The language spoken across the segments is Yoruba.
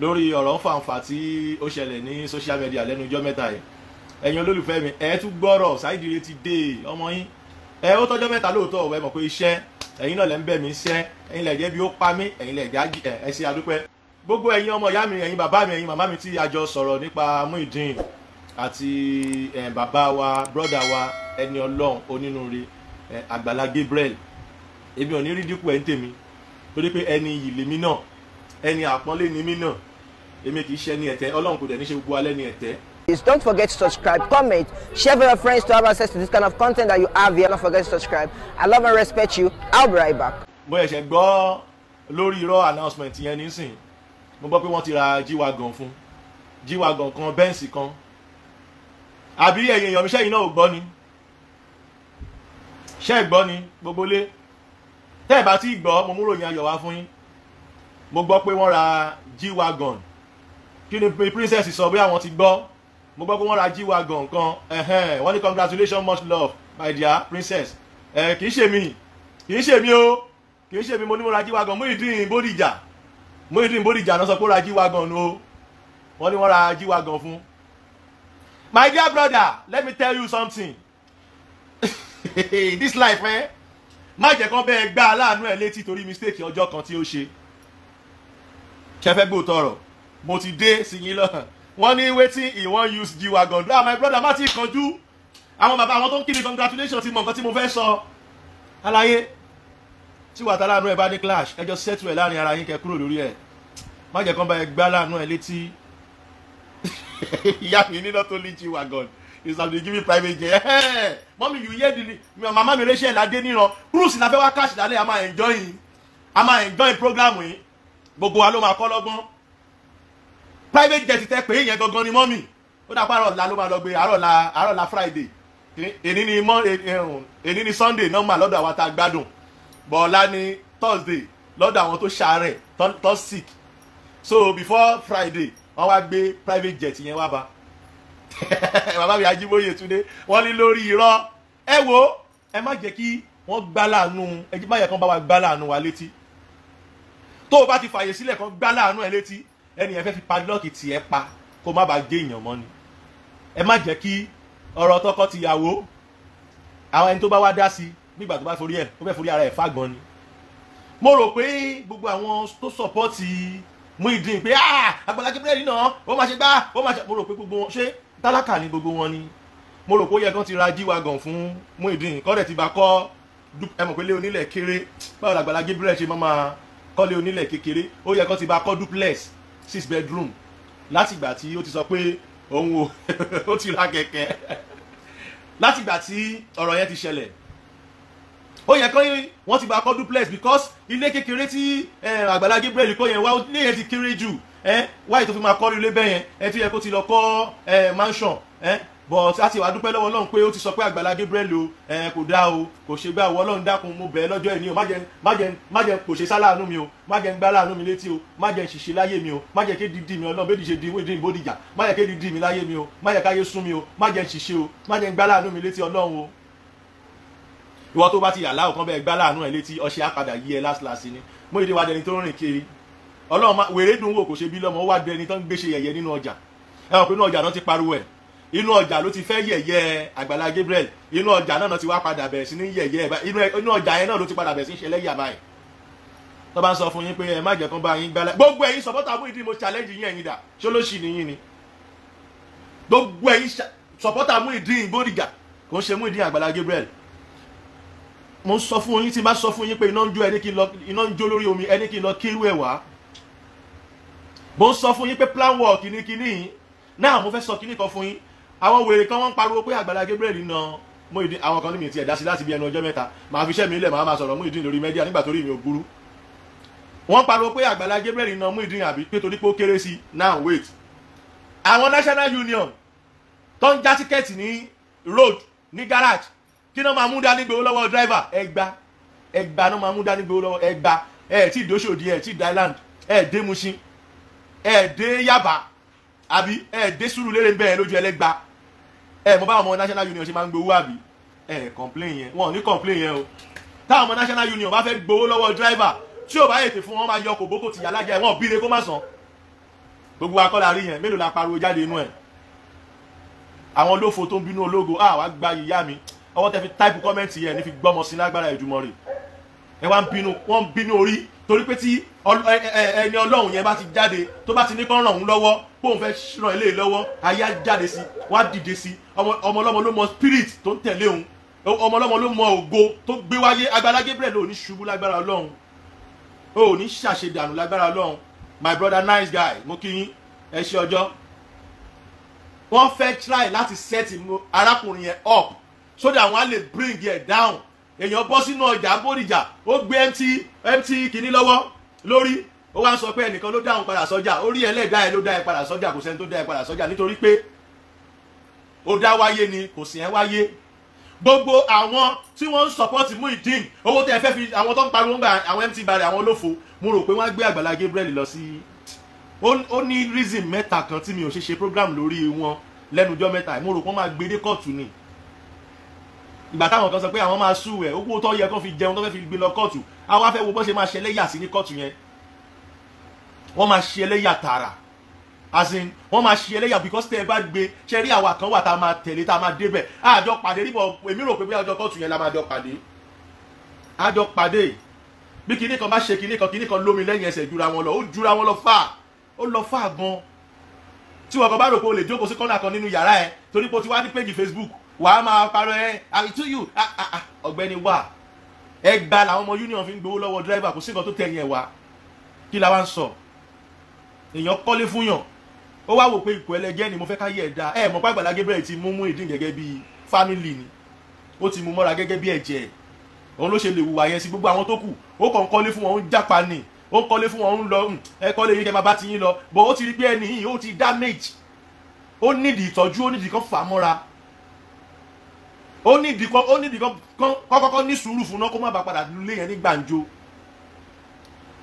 lórí ọ̀rọ̀ fàǹfà tí ó ṣẹlẹ̀ ní social media lẹ́nu ọjọ́ mẹ́ta yìí ẹ̀yin olólùfẹ́ mi ẹ tún gbọ́rọ̀ Saheed Ire ti dé ọmọ yín ẹ ó tọ́jọ́ mẹ́ta lóòótọ́ ọ̀wẹ́ mọ̀ pé iṣẹ́ ẹ̀yin náà lẹ́ ń bẹ̀ mí iṣẹ́ ẹ̀yin lẹ̀ jẹ́ bí ó pa mí ẹ̀yin lẹ̀ já ẹ ṣe àdúpẹ́ gbogbo ẹ̀yin ọmọ ìyá mi ẹ̀yin bàbá mi ẹ̀yin màmá mi tí a jọ sọ̀rọ̀ nípa Muyideen àti bàbá wa brọ́dà wa ẹni ọlọ́run onínúure Àgbàlá Gabriel èmi ò ní rí dípò ẹ̀ ń tèmi torí pé ẹni ìyì lèmi náà ẹni àpọ́nlé ni mí náà èmi kì í ṣe ẹni ẹ̀tẹ́ ọlọ́run kò dẹ̀ ní ṣe gbogbo alẹ́ ní ẹ̀tẹ́. Please don't forget to subscribe, comment, share with your friends to have access to this kind of content that you have here. Don't forget to subscribe. I love and respect you. I'll be right back. Mo ṣẹ̀ṣẹ̀ gbọ́ lórí irọ́ announcement yẹn nísìn. Mo gbọ́ pé wọ́n ti ra G-Wagon fún. G-Wagon kan, Benz kan. Àbí ẹ̀yin èèyàn mi ṣẹ́yìn náà ò gbọ́ ni. Ṣé ẹ̀ gbọ́ ni gbogbo lé? Tẹ́ ẹ̀ bá ti gbọ́, mo múròyìn ayọ̀ wá fún yín. Mo gbọ́ pé wọ́n ra G-Wagon kí ni princess sọ bí àwọn ti gbọ́ mo gbọ́ pé wọ́n ra jíwa gànkan wọ́n ní congratulations much love my dear princess kì í ṣe mi kì í ṣe mi o kì í ṣe mi mo ní mo ra jíwa gan Muyideen Bódìjà Muyideen Bódìjà náà sọ pé ó ra jíwa gan o wọ́n ní wọ́n ra jíwa gan fún. my dear brother let me tell you something this life eh? má jẹ́ kán bẹ́ẹ̀ gbá aláàánú ẹ̀ létí torí mistake ọjọ́ kan tí ó ṣe ṣe fẹ́ gbóòótọ́ ọ̀rọ̀ mo ti dé sí yín lọ́hàn ní wetin he wan use g-wagon do ah my brother má ti kanjú àwọn bàbá àwọn tó ń kí mi congratulations ti mọ nǹkan tí mo fẹ́ sọ aláyé tí wàtá láàánú ẹ bá dé clash ẹjọ settle ẹ láàrin ara yín kẹ kúrò lórí ẹ má jẹ́ kán bá ẹ gbá láàánú ẹ létí ìyá mi ní not only g-wagon is am dey give private jet mọ́mí you hear the mama mi rachel adé níran Bruce la fẹ́ wá cash lálẹ́ a máa enjoy a máa enjoy program yìí gbogbo wa ló máa kọ́ lọ́gbọ́n private jet tẹ pé yẹn gangan ni mọ́mì ó dà pààrọ̀ la ló máa lọ gbé àárọ̀ la àárọ̀ la friday èní ni mọ́ èní eh, oh, ni sunday Normal. lọ́dọ̀ àwa tá a gbádùn bọ̀ọ̀lá ni thursday lọ́dọ̀ àwọn tó ṣàárẹ̀ tó sick so before friday wọ́n wá gbé private jet yẹn wá ba bàbá mi ajíbóyè túnde wọ́n ní lórí irọ́ ẹ wo ẹ má jẹ́ kí wọ́n gbá láàánú ẹ má yẹ kán bá wa gbá láàánú wa létí tó o bá ti fàyè sílẹ̀ kán gbá láàánú ẹ létí ẹni yẹn fẹ́ fi padlọ́ọ̀kì tiẹ̀ pa kó má bàa gé èèyàn mọ́ ni ẹ má jẹ́ kí ọ̀rọ̀ tọkọ tìyàwó àwọn ẹni tó bá wá dá sí nígbà tó bá forí ẹ̀ ó fẹ́ forí ara ẹ̀ fágbọ́n ni mo rò pé gbogbo àwọn tó sọ̀pọ́ọ̀tì Muyideen pé ah, Agbala Gabriel náà ó máa ṣe gbá ó máa ṣe mo rò pé gbogbo wọn ṣé tálákà ni gbogbo wọn ni mo rò pé ó yẹ kán ti ra jíwagàn fún Muyideen kọ́dẹ̀ ti bá kọ́ ẹ mọ̀ pé lé onílẹ̀ kéré báwo l'Agbala Gabriel ṣe máa máa kọ́lé onílẹ̀ kékeré ó yẹ kán ti bá kọ́ duplex six bedroom látìgbà tí ó ti sọ pé òun ò ó ti ra kẹ̀kẹ́ látìgbà tí ọ̀rọ̀ yẹn ti ṣẹlẹ̀ ó yẹ kán wọ́n ti gba kọ́ duplex because ilé kékeré tí Àgbàlá Gabriel kọ́ yẹn wá ní yẹn ti kéré jù wáyé tó fi máa kọ́ ilé bẹ́yẹn ẹ tó yẹ kó ti lọ kọ́ mansion but a ti wà dúpẹ́ lọ́wọ́ Ọlọ́run pé ó ti sọ pé Àgbàlá Gabriel o ẹ kò dá o kò ṣe gbà wọ́ Ọlọ́run dákun mo bẹ̀ẹ́ lọ́jọ́ ìní o má jẹ́ má jẹ́ má jẹ́ kò ṣe sáláàánú mi o má jẹ́ gbá láàánú mi létí o má jẹ́ ṣìṣe láyé mi o má jẹ́ kédìdì mi Ọlọ́run bẹ́ẹ̀ ṣe di ìwé ìdìbò dìjà má jẹ́ kédìdì mi láyé mi o má jẹ́ káyé sún mi o má jẹ́ ṣìṣe o má jẹ́ gbá láàánú mi létí Ọlọ́run o ìwọ tó bá ti yà láwùkán bẹ́ẹ̀ gbá láàánú ẹ̀ létí ọṣẹ àpàdà yí ẹ láṣìláṣì ni mo ìdí wa dẹni tó ń rìn kiri Ọlọ́run wèrè dùn wò kò ṣe bí lọ́mọ ó wá dẹni tó ń gbéṣe yẹ̀yẹ́ nínú ọjà ẹ mọ̀ pé inú ọjà náà ti pariwo ẹ̀ inú ọjà ló ti fẹ́ yẹ̀yẹ́ àgbàlá Gabriel inú ọjà náà ti wá padà bẹ̀rẹ̀ sí ní yẹ̀yẹ́ inú ọjà yẹn náà ló ti padà bẹ̀rẹ̀ sí ní ṣẹlẹ́yà báyìí tó bá ń sọ fún yín pé ẹ má jẹ́ kán bá yín gbálẹ̀ gbogbo ẹ̀yin sọ̀pọ́tà Muyideen mo challenge yín ẹ̀yin dà ṣé ló ṣì níyìn ni gbogbo ẹ̀yin sọ̀pọ́tà Muyideen Bódìjà kò ń ṣe Muyideen àgbàlá Gabriel mo ń sọ fún yín tí n bá sọ fún yín pé iná ń jó ẹni kí n lọ iná ń jó lórí omi ẹni kí n lọ kírú ẹ̀ wá mo sọ fún yín pé plan work ni kíní yín náà mo fẹ́ sọ kíní kan fún yín àwọn wèrè kan wọ́n ń pariwo pé Àgbàlá Gabriel na Muyideen àwọn kan ní mi ti ẹ̀dá sí láti bí ẹnu ọjọ́ mẹ́ta màá fi iṣẹ́ mi lẹ̀ màá máa sọ̀rọ̀ Muyideen lórí mẹ́díà nígbà tó rí mi ò burú wọ́n pariwo pé Àgbàlá Gabriel na Muyideen àbí pé torí pé ó kéré sí now wait àwọn national union tó ń já tíkẹ́ẹ̀tì ní road ní garage kí náà máa mú dání gbowó lọ́wọ́ driver ẹgba ẹgba náà máa mú dání gbowó lọ́wọ́ ẹgba ẹ tí dosodi ẹ tí Thailand ẹ dé Mushin ẹ dé Yaba àbí ẹ dé Surulere bẹ́ẹ̀ lójú ẹlẹ́gba ẹ eh, mo bá ọmọ national union ṣe máa ń gbowó àbí ẹ eh, complain yẹn wọn ò ní complain yẹn o táwọn ọmọ national union bá fẹ́ gbowó lọ́wọ́ driver tí ò bá ètè fún wọn máa yọ kòbókò tìyà lájà ẹ wọn ò bíire kó má san gbogbo akọ́lá rí yẹn mélòó la pariwo jáde inú ẹ̀ àwọn olófo tó ń bínú ológo ah, àwa gba ìyá mi ọwọ́ tẹ fi táìpù kọ́mẹ́ǹtì yẹn ní fi gbọ́mọ sí lágbára ìjùmọ̀ rè ẹ wá ń bínú wọ́n ń bínú orí torí pé tí ẹni ọlọ́run yẹn bá ti jáde tó bá ti ní kán ràn òun lọ́wọ́ bóun fẹ́ ràn eléyìí lọ́wọ́ ayé á jáde sí wá dìde sí ọmọ ọlọ́mọ ló mọ spirit tó ń tẹ̀lé òun ọmọ ọlọ́mọ ló mọ ògo tó gbé wáyé agbára Gabriel ò ní ṣubú lágbára ọlọ́run ò ní ṣàṣedànù lágbára ọlọ́run my brother nice guy mo kí yín ẹ ṣe ọjọ́ wọ́n fẹ́ try láti set arákùnrin yẹn up so that wọ́n á lè bring yẹn down èèyàn bọ́ sínú ọjà bóríjà ó gbé mt mt kìíní lọ́wọ́ lórí ó wá ń sọ pé ẹnìkan ló dá òun padà sọ́jà ó rí ẹlẹ́dàá ẹ ló dá ẹ padà sọ́jà kò sẹ́ni tó dá ẹ padà sọ́jà nítorí pé ó dá wáyé ni kò sì ẹ́ wáyé gbogbo àwọn tí wọ́n ń sọ́pọ́tì Muyideen owó tẹ́ ẹ fẹ́ fi àwọn tó ń pariwo ń gba àwọn mt barẹ̀ àwọn olófo mo rò pé wọ́n á gbé Àgbàlá Gabriel lọ sí ó ní reason mẹ́ta kan tí mi ò ṣe ṣe program lórí wọn lẹ́nujọ́ mẹ́ta mo rò pé wọ́n máa gbé dé kóòtù ni ìgbà táwọn kan sọ pé àwọn máa sú ẹ owó tó yẹ kó fi jẹun tó fẹ́ fi gbé lọ kóòtù àwa fẹ́ wo bó ṣe máa ṣe ẹlẹ́yà sí ní kóòtù yẹn wọ́n máa ṣe ẹlẹ́yà tààrà as in wọ́n máa ṣe ẹlẹ́yà because tẹ́ ẹ bá gbé ṣe rí àwa kan wà tá a máa tẹ̀lé tá a máa débẹ̀ àjọ pàdé níbọ̀ èmi rò pé bí àjọ kóòtù yẹn la máa jọ pàdé àjọ pàdé bí kinní kan bá ṣe kinní kan kinní kan lómi lẹ́yìn ẹsẹ̀ jura wọn lọ ó jura wọn lọ fà ó lọ fà gan tí wọn kan bá rò pé o lè jókòó sí kọ́nà kan nínú yàrá ẹ torí pé o ti wá ní péjì Facebook wàá máa parọ́ ẹ àìtú yù ọ̀gbẹ́ni wà ẹ gba làwọn ọmọ union fi ń gbowó lọ́wọ́ dírẹ́bà kò sí nǹkan tó tẹ̀yìn ẹ̀ wá kí la wá ń sọ èèyàn kọ́lé fún yàn ó wá wò pé ipò ẹlẹgẹ́ ni mo fẹ́ ká yẹ̀ dá ẹ mọ̀ pé Àgbàlá Gabriel ti mú mú ìdín gẹ́gẹ́ bí fámìlì ni ó ti mú mọ́ra gẹ́gẹ́ bí ẹ̀jẹ̀ òun ló ṣe lè wùwà yẹn sí gbogbo àwọn tó kù ó kàn kọ́lé fún wọn ó ń jápa ni ó kọ́lé fún wọn ó ń lọ hmm, ẹ kọ́lé yìí kẹ́ máa bá ti yín lọ bọ̀ ó ti rí pé ẹni yìí ó ti damage ó nídìí ìtọ́jú ó nídìí kan fà á mọ́ra ó ní ìdí kan ó ní ìdí kan kọ́kọ́kọ́ ní sùúrù fún náà kó má bàa padà lulẹ̀ yẹn ní gbàǹjo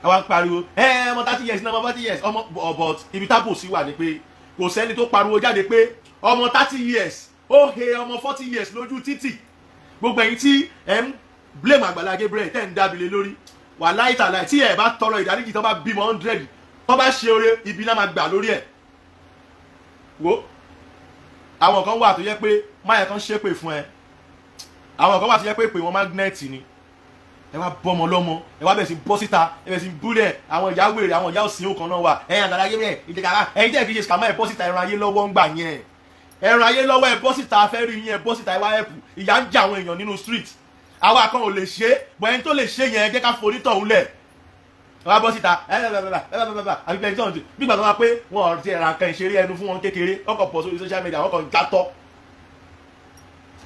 àwa ń pariwo ẹ ẹ ọmọ thirty years náà ọmọ thirty years ọmọ oh, but ibi tábò sí wà ni pé kò sẹ́ni tó pariwo jáde pé ọmọ thirty years ó he ọmọ forty years lójú títì gbogbo ẹ̀yin tí ẹ ń blame Àgbàlá Gabriel tẹ́ ń dábìlẹ̀ lórí wà láìtàláì tí ẹ bá tọrọ ìdáríjì tó bá bímọ hundred tó bá ṣe oore ibi náà máa gbà lórí ẹ̀ wo àwọn kan wà tó yẹ pé máyà kan ṣépè fún ẹ àwọn kan wà sí ẹ pé pé wọn mágnẹ́ẹ̀tì ni ẹ wá bọ́mọ lọ́mọ ẹ wá bẹ̀rẹ̀ sí bọ́ síta ẹ bẹ̀rẹ̀ sí búlẹ̀ àwọn ìyá wèrè àwọn ìyá òsìn òkan náà wà ẹ̀yìn àgbàlá ayé rẹ̀ ìdíkàrà ẹ̀yìn tẹ̀ fi ṣe sàmá ẹ̀ bọ́ síta ẹran ayé lọ́wọ́ ń gbà yẹn ẹran ayé lọ́wọ́ ẹ̀ bọ́ síta afẹ́ rí yín ẹ̀ bọ́ síta ẹ̀ wá ẹ̀pù ìyá ń jà àwọn èèyàn nínú street àwa kan ò lè ṣe é bọ̀ ẹni tó lè ṣe yẹn jẹ́ ká forí tọ̀ ńlẹ̀ wá bọ́ síta àbí pẹ̀lú tí wọ́n ti bí gbàgbọ́ wa pé wọn ò ti ra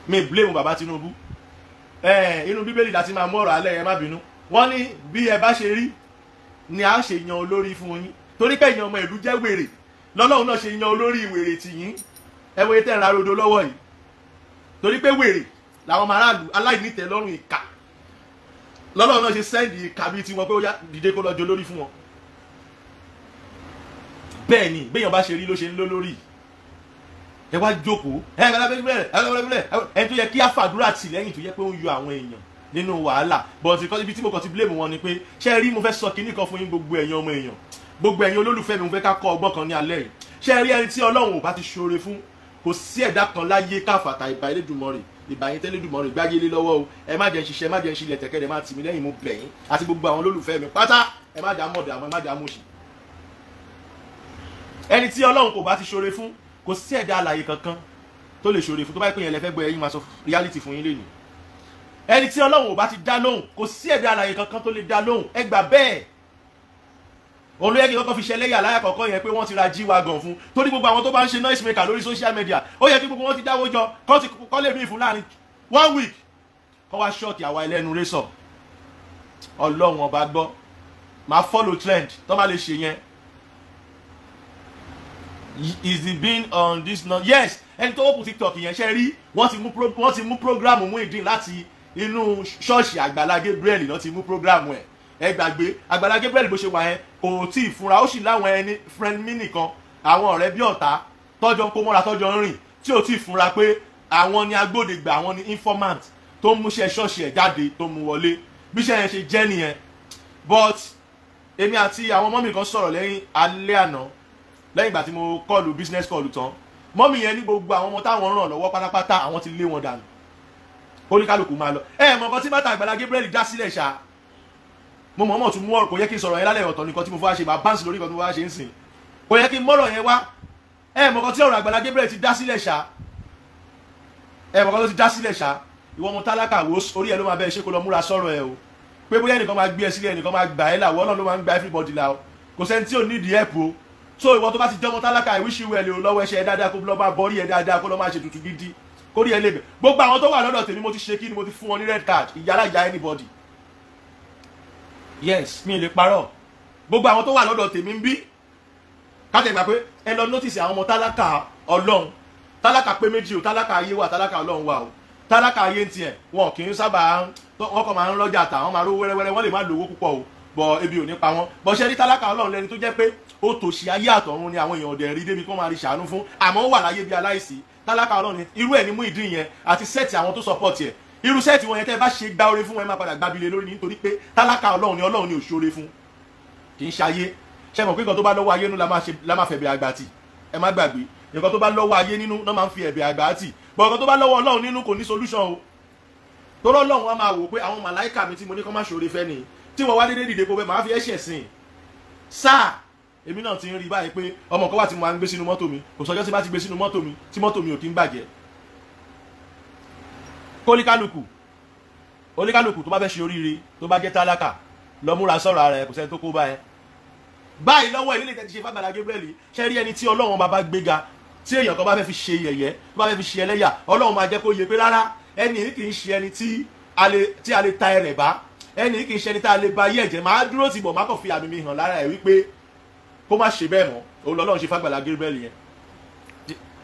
mi blame bàbá Tinubu ẹ inú bíbélì láti máa mú ọ̀rọ̀ alẹ́ ẹ má bínú wọ́n ní bí ẹ bá ṣe rí ni a ṣe yan olórí fún yín torí pé ìyàn ọmọ ìlú jẹ́ wèrè lọ́lọ́run náà ṣe yan olórí wèrè tì yín ẹ wo etí ẹ̀ra rodo lọ́wọ́ yìí torí pé wèrè làwọn ọmọ aráàlú aláìnítẹ̀ lọ́rùn ìkà lọ́lọ́run náà ṣe sẹ́ndì ìkà bíi tiwọn pé ó yá dìde kó lọ́jọ́ olórí fún wọn bẹ́ẹ̀ ni béèyàn bá ṣe rí ló ṣe ń lólórí yìí ẹ wá jókòó ẹ ẹ bẹ̀rẹ̀ bẹ̀rẹ̀ ẹ bẹ̀rẹ̀ ẹ tó yẹ kí àfàdúrà tì lẹ́yìn tó yẹ pé ó ń yọ àwọn èèyàn nínú wàhálà but ibi tí mo kàn ti blame wọn ni pé ṣé rí mo fẹ́ sọ kinní kan fún yín gbogbo ẹ̀yin ọmọ èèyàn gbogbo ẹ̀yin olólùfẹ́ mi mo fẹ́ ká kọ́ ọgbọ́n kan ní alẹ́ yìí ṣé rí ẹni tí ọlọ́run ò bá ti ṣoore fún kò sí ẹ̀dá kan láyé káfàtà ìbà Elédùmarè ìbà yín tẹ́lẹ̀dùmọ̀ rìn gbáyé lé lọ́wọ́ o ẹ má jẹ́ ń ṣiṣẹ́ ẹ má jẹ́ ń ṣe ilẹ̀ tẹ̀kẹ́ ẹ má tì mí lẹ́yìn mo bẹ̀ yín àti gbogbo àwọn olólùfẹ́ mi pátá ẹ má dàá mọ̀dà àwọn ẹ má dàá mọ̀ṣì ẹni tí ọlọ́run kò bá ti ṣoore fún kò sí ẹ̀dá alààyè kankan tó lè ṣòro fún tó bá yẹ pé yẹn lè fẹ́ gbọ́ ẹ̀yin máa sọ reality fún yín lẹ́nu ẹni tí ọlọ́run ò bá ti dá lóhùn kò sí ẹ̀dá alààyè kankan tó lè dá lóhùn ẹ gbà bẹ́ẹ̀ òun ló yẹ kí kọ́kọ́ fi ṣẹlẹ́yà láyà kọ̀ọ̀kan yẹn pé wọ́n ti ra jí wa gàn fún torí gbogbo àwọn tó bá ń ṣe noise maker lórí social media ó yẹ kí gbogbo wọn ti dáwọ́ jọ kọ́ ti kọ́ lè mí fún láàrin one week kọ́ wá ṣọ́ọ̀tì àwa ẹlẹ́nu rẹ́sọ̀ ọlọ́run ọba gbọ́ máa follow trend tó má lè ṣe yẹn is he been on this not yes ẹni tó wọ́pù tiktok yẹn ṣe rí wọ́n ti mú wọ́n ti mú programu Muyideen láti inú ṣọ́ọ̀ṣì Àgbàlá Gabriel náà ti mú programu ẹ̀ ẹ gbàgbé Àgbàlá Gabriel bó ṣe wà yẹn kò tí ì fúnra ó sì láwọn ẹni friend mi nìkan àwọn ọ̀rẹ́ bí ọ̀tá tọ́jọ́ kó mọ́ra tọ́jọ́ ń rìn tí ò tí ì fúnra pé àwọn ni agbódegbà àwọn ni informant tó ń múṣẹ́ ṣọ́ọ̀ṣì ẹ̀ jáde tó mú wọlé bíṣẹ́ yẹn ṣe jẹ́ nìyẹn but èmi àti àwọn ọmọ mi kan sọ̀rọ̀ lẹ́yìn alẹ́ àná lẹ́yìn ìgbà tí mo kọ́ọ̀lù business kọ́ọ̀lù tán mọ́mì yẹn ní gbogbo àwọn ọmọ táwọn ràn lọ́wọ́ pátápátá àwọn ti lé wọn dànù oníkálukú máa lọ ẹ mọ̀ nǹkan tí bàtà Àgbàlá Gabriel já sílẹ̀ ṣá mo mọ̀ mọ̀ tún mú ọ̀rọ̀ kò yẹ kí n sọ̀rọ̀ yẹn lálẹ́ ọ̀tọ̀ nìkan tí mo fọwọ́ ṣe bá báǹsì lórí nǹkan tí mo fọwọ́ ṣe ń sìn kò yẹ kí n mọ̀rọ̀ yẹn wá ẹ mọ̀ nǹkan tí ọ̀rọ̀ Àgbàlá Gabriel ti dá sílẹ̀ ṣá ẹ mọ̀ nǹkan tó ti dá sílẹ̀ ṣá ìwọ ọmọ tálákà wo orí ẹ ló máa bẹ ṣé kó lọ múra sọ̀rọ̀ ẹ o pé bóyá ẹnìkan máa gbé ẹ sílẹ̀ ẹnìkan máa gbà ẹ là wọ́n náà ló máa ń gba everybody là o kò sẹ́ni tí ò ní ìdí ẹ̀pù o so ìwọ tó bá ti jọmọ tálákà ìwíṣí wẹ̀lẹ̀ lọ́wọ́ ẹṣẹ́ dáadáa kó lọ́ máa bọ́rí ẹ̀ dáadáa kó lọ́ máa ṣe tutù gidi kó rí ẹ lébẹ̀ gbogbo àwọn tó wà lọ́dọ̀ tèmi mo ti ṣe kí ni mo ti fún wọn ní red card ìyálà ìyá anybody yes mi lè parọ́ gbogbo àwọn tó wà lọ́dọ̀ tèmi ń bí kájẹ̀ gbà pé ẹ lọ notice àwọn ọmọ tálákà ọlọ́run tálákà pé méjì o tálákà ayé wà tálákà ọlọ́run wà o tálákà ayé ń tiẹ̀ wọn kì í sábà wọn kàn máa ń lọ́jà tà wọn máa rówó wẹ́rẹ́wẹ́rẹ́ wọn lè má lówó púpọ̀ o bọ ebi ò ní pa wọn bọ ṣe rí tálákà ọlọ́run lẹni tó jẹ́ pé ó tòṣì ayé àtọ̀run ni àwọn èèyàn ọ̀dẹ̀ rí débi kó máa rí ṣàánú fún àmọ́ ó wà láyé bí aláìsí tálákà ọlọ́run ni irú ẹ̀ ni mú ìdí yẹn àti sẹ́ẹ̀tì àwọn tó support ẹ̀ irú sẹ́ẹ̀tì wọn yẹn tẹ́ ẹ bá ṣe gba oore fún wọn ẹ máa padà gbabilé lórí nítorí pé tálákà ọlọ́run ni ọlọ́run ni òṣòre fún kì í ṣayé ṣe mọ̀ pé nǹkan tó bá lọ́wọ́ ayé nínú la máa fẹ̀bẹ̀ àgbà tì ẹ má gbàgbé nǹkan tó bá lọ́wọ́ ayé nínú náà máa ń fi ẹ̀bẹ̀ àgbà tì bọ̀ nǹkan tó bá lọ́wọ́ ọlọ́run nínú kò ní solution o torọ́ ọlọ́run wa máa wò pé àwọn màláìkà mi tí mo ní kọ́ máa ṣòre fẹ́ nìyí tí wọ́n wá dédé dìde pé màá fi ẹ̀ṣẹ̀ sìn sáà èmi náà ti ń rí báyìí pé ọmọ kan wà tí mo máa ń gbé sínú mọ́tò mi kò sọjọ́ tí bá ti gbé sínú mọ́tò mi tí mọ́tò mi ò kí ń bàjẹ́ kólíkálukú oníkálukú tó bá fẹ́ ṣe oríire tó bá jẹ́ tálákà lọ múra sọ̀rọ̀ ara ẹ̀ kò sẹ́ni tó kó bá ẹ báyìí lọ́wọ́ ilé ìtẹ́tí ṣe fàgbàlá Gabriel ṣe rí ẹni tí ọlọ́run bá bá gbéga tí èèyàn kan bá fẹ́ fi ṣe yẹ̀yẹ́ tó bá fẹ́ fi ṣe ẹlẹ́yà ọlọ́run máa jẹ́ kó yẹ pé rárá ẹni yìí kì í ṣe ẹni tí a lè ta ẹrẹ̀ bá ẹnì kì í ṣe ẹni tá a lè ba ayé ẹ̀jẹ̀ máa dúró tì bọ̀ má kàn fi àmì mi hàn lára ẹ̀ wípé kó má ṣe bẹ́ẹ̀ mọ́ òun lọ́lọ́run ṣe fàgbàlá Gabriel yẹn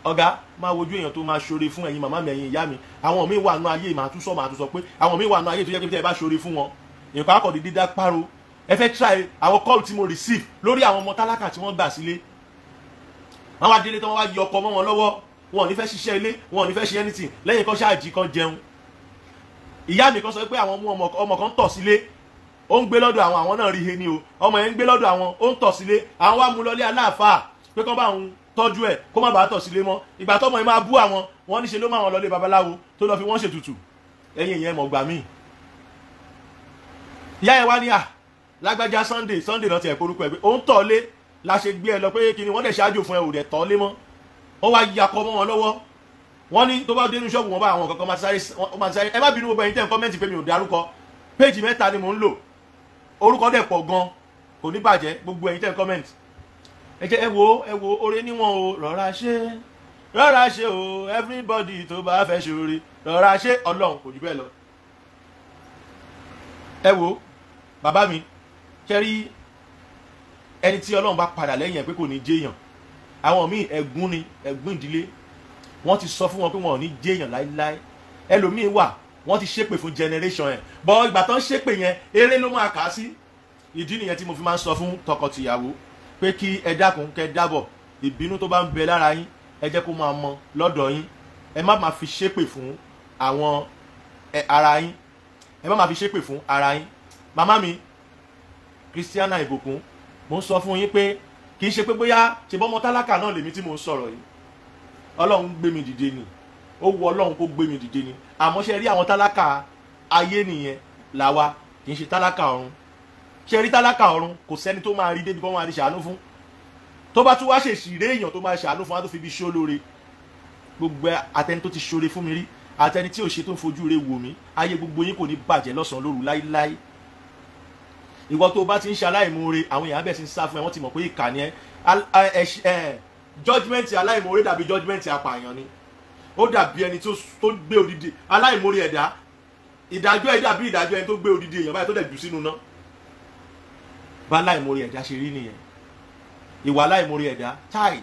ọ̀gá máa wojú èèyàn tó máa ṣoore fún ẹ̀yin màmá mi ẹ̀yin ìyá mi àwọn míì wà nù ayé màá tún sọ màá tún sọ pé àwọn míì wà nù ayé tó yẹ kí tẹ́ ẹ bá ṣoore fún wọn nǹkan call tí receive lórí àwọn ọmọ tálákà tí wọ́n gbà sílé wọ́n wá délé tí wọ́n wá yọ ọkọ mọ́ wọn lọ́wọ́ wọn ò ní fẹ́ ṣiṣẹ́ ilé wọn ò ní fẹ́ ṣe anything lẹ́yìn kan ṣáàjì kan jẹun ìyá mi kan sọ pé àwọn ọmọ ọmọ kan tọ̀ sílé ó ń gbé lọ́dọ̀ àwọn àwọn náà rí he ni o ọmọ yẹn ń gbé lọ́dọ̀ àwọn ó ń tọ̀ sílé àwọn wá mú lọlé aláàfáà pé kán bá òun tọ́jú ẹ̀ kó má bàa tọ̀ sílé mọ́ ìgbà tọ́mọ yẹn máa bú àwọn wọ́n níṣe ló máa wọn lọlé babaláwo tó lọ fi wọ́n ṣètùtù ẹ̀yìn ìyẹn mọ̀ gbà míì ìyá ẹ̀ wá ní à lágbájá Sunday Sunday náà ti ẹ̀ korúkọ ẹ̀ pé òun tọ̀ lé la ṣe gbé ẹ lọ pé kí ni wọ́n dẹ̀ ṣáájú fún ẹ ò dẹ̀ tọ́ lé mọ́ wọ́n wá yakọ mọ́ wọn lọ́wọ́ wọ́n ní tó bá dé inú ṣọ́ọ̀bù wọn bá àwọn kankan máa sáré ẹ má bínú gbogbo ẹ̀yin tẹ́ ń kọ́mẹ́ǹtì pé mi ò dárúkọ péèjì mẹ́ta ni mò ń lò orúkọ dẹ̀ pọ̀ gan kò ní bàjẹ́ gbogbo ẹ̀yin tẹ́ ń kọ́mẹ́ǹtì ẹ jẹ́ ẹ wo ẹ wo oore níwọ̀n o rọra ṣe rọra ṣe o everybody tó bá fẹ́ ṣe oore rọra ṣe ọlọ́run kò jù bẹ́ẹ̀ lọ ẹ wo bàbá mi kẹ́rí ẹni tí ọlọ́run bá padà lẹ́yìn ẹ̀ pé kò ní jẹ́yàn àwọn míì ẹ̀gún ni ẹ̀gún ìdílé wọ́n ti sọ fún wọn pé wọn ò ní jẹ́yàn láíláí ẹlòmíín wà wọ́n ti ṣépè fún generation yẹn bọ́ ìgbà tán ṣépè yẹn eré ló máa kà á sí ìdí nìyẹn tí mo fi máa ń sọ fún tọkọtìyàwó pé kí ẹ dákun kẹ dábọ̀ ìbínú tó bá ń bẹ lára yín ẹ jẹ́ kó máa mọ lọ́dọ̀ yín ẹ má máa fi ṣépè fún àwọn ara yín ẹ má máa fi ṣépè fún ara yín màmá mi Christiana Ìbùkún mo ń sọ fún yín pé kì í ṣe pé bóyá ṣe bọ́mọ tálákà náà lèmi tí mo ń sọ̀rọ̀ yìí ọlọ́run gbé mi dìde ni ó wù ọlọ́run kó gbé mi dìde ni àmọ́ ṣe rí àwọn tálákà ayé nìyẹn làwa kì í ṣe tálákà ọ̀run ṣe rí tálákà ọ̀run kò sẹ́ni tó máa rí débi kó máa rí ṣàánú fún tó bá tún wá ṣèṣì ré èèyàn tó máa ṣàánú fún wa tó fi ibi ṣó gbogbo àtẹni tó ti ṣoore fún mi rí àtẹni tí ò ṣe tó ń fojú rẹ̀ wò mí ayé gbogbo yín kò ní bàjẹ́ lọ́sàn-án lóru láíláí ìwọ tó bá ti ń ṣaláìmoore àwọn èèyàn bẹ̀ sí ń sá fún ẹ wọ́n ti mọ̀ pé ìkànnì ẹ judgement aláìmoore dàbí judgement apààyàn ni ó dàbí ẹni tó gbé odidi aláìmoore ẹ̀dá ìdájọ́ ẹ̀ dàbí ìdájọ́ ẹni tó gbé odidi èèyàn báyìí tó dẹ̀ jù sínú náà bá aláìmoore ẹ̀dá ṣe rí nìyẹn ìwà aláìmoore ẹ̀dá táì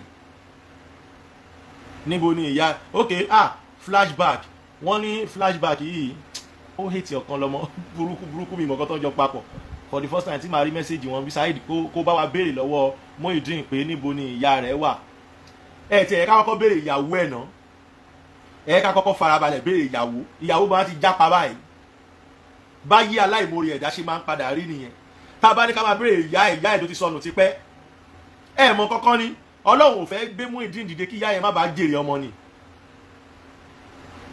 níbo ni ìyá ok ah flashback wọ́n ní flashback yìí ó hètì ọ̀kan lọ́mọ burúkú burúkú mi mọ̀kọ́ tó ń jọ papọ̀ for the first time tí màá rí mẹ́sẹ̀gì wọn bí Saheed kó bá wa béèrè lọ́wọ́ Muyideen pé níbo ni ìyá rẹ̀ wà ẹ tiẹ̀ ká kọ́kọ́ béèrè ìyàwó ẹ̀ náà ẹ ká kọ́kọ́ farabalẹ̀ béèrè ìyàwó ìyàwó bá ti jápa báyìí báyìí aláìmoore ẹ̀dá ṣe máa ń padà rí nìyẹn tá a bá ní ká máa béèrè ìyá ìyá ẹ̀ tó ti sọnù tipẹ́ ẹ mọ kọ́kọ́ ni ọlọ́run ò fẹ́ gbé mú ìdí dìde kí ìyá yẹn má bàa jèrè ọmọ ni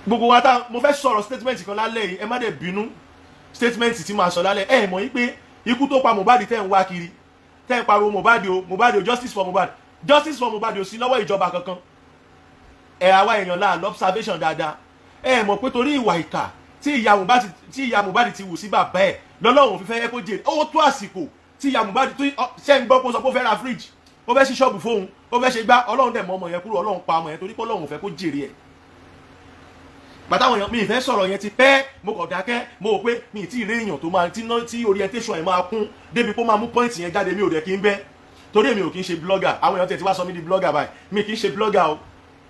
gbogbo wa tá mo fẹ́ sọ̀rọ̀ statement kan lálẹ́ yìí ẹ má dẹ̀ bínú statement tí màá sọ lálẹ́ ẹ mọ̀ yín pé ikú tó pa Mohbad tẹ́ ń wá kiri tẹ́ ń pariwo Mohbad o Mohbad o justice for Mohbad justice for Mohbad ò sí lọ́wọ́ ìjọba kankan ẹ̀ àwa èèyàn láàlọ́ observation dáadáa ẹ̀ mọ̀ pé torí ìwà ìkà tí ìyá Mohbad ti wù sí bàbá ẹ̀ lọ́lọ́run òfin fẹ́ yẹ kó jèrè ó tó àsìkò tí ìyá Mohbad tó ṣe ń gbọ́ kó sọ pé ó fẹ́ ra fridge ó fẹ́ ṣí ṣọ́ọ̀bù fóun ó fẹ́ ṣe gbá ọlọ́run dẹ̀ mọ́ ọmọ yẹn kúrò ọlọ́run pa ọmọ yẹn torí pé ọlọ́run ò fẹ́ kó jèrè ẹ̀ pàtàwọn èèyàn mi ì fẹ́ sọ̀rọ̀ yẹn ti pẹ́ mo kàn dákẹ́ mo rò pé mi ì tí ì rí èèyàn tó máa tí orientation ẹ̀ máa kún débi pé ó máa mú point yẹn jáde mi ò dẹ̀ kí ń bẹ́ torí èmi ò kí ń ṣe blogger àwọn èèyàn tẹ̀ ti wá sọ mí di blogger báyìí mi kì í ṣe blogger o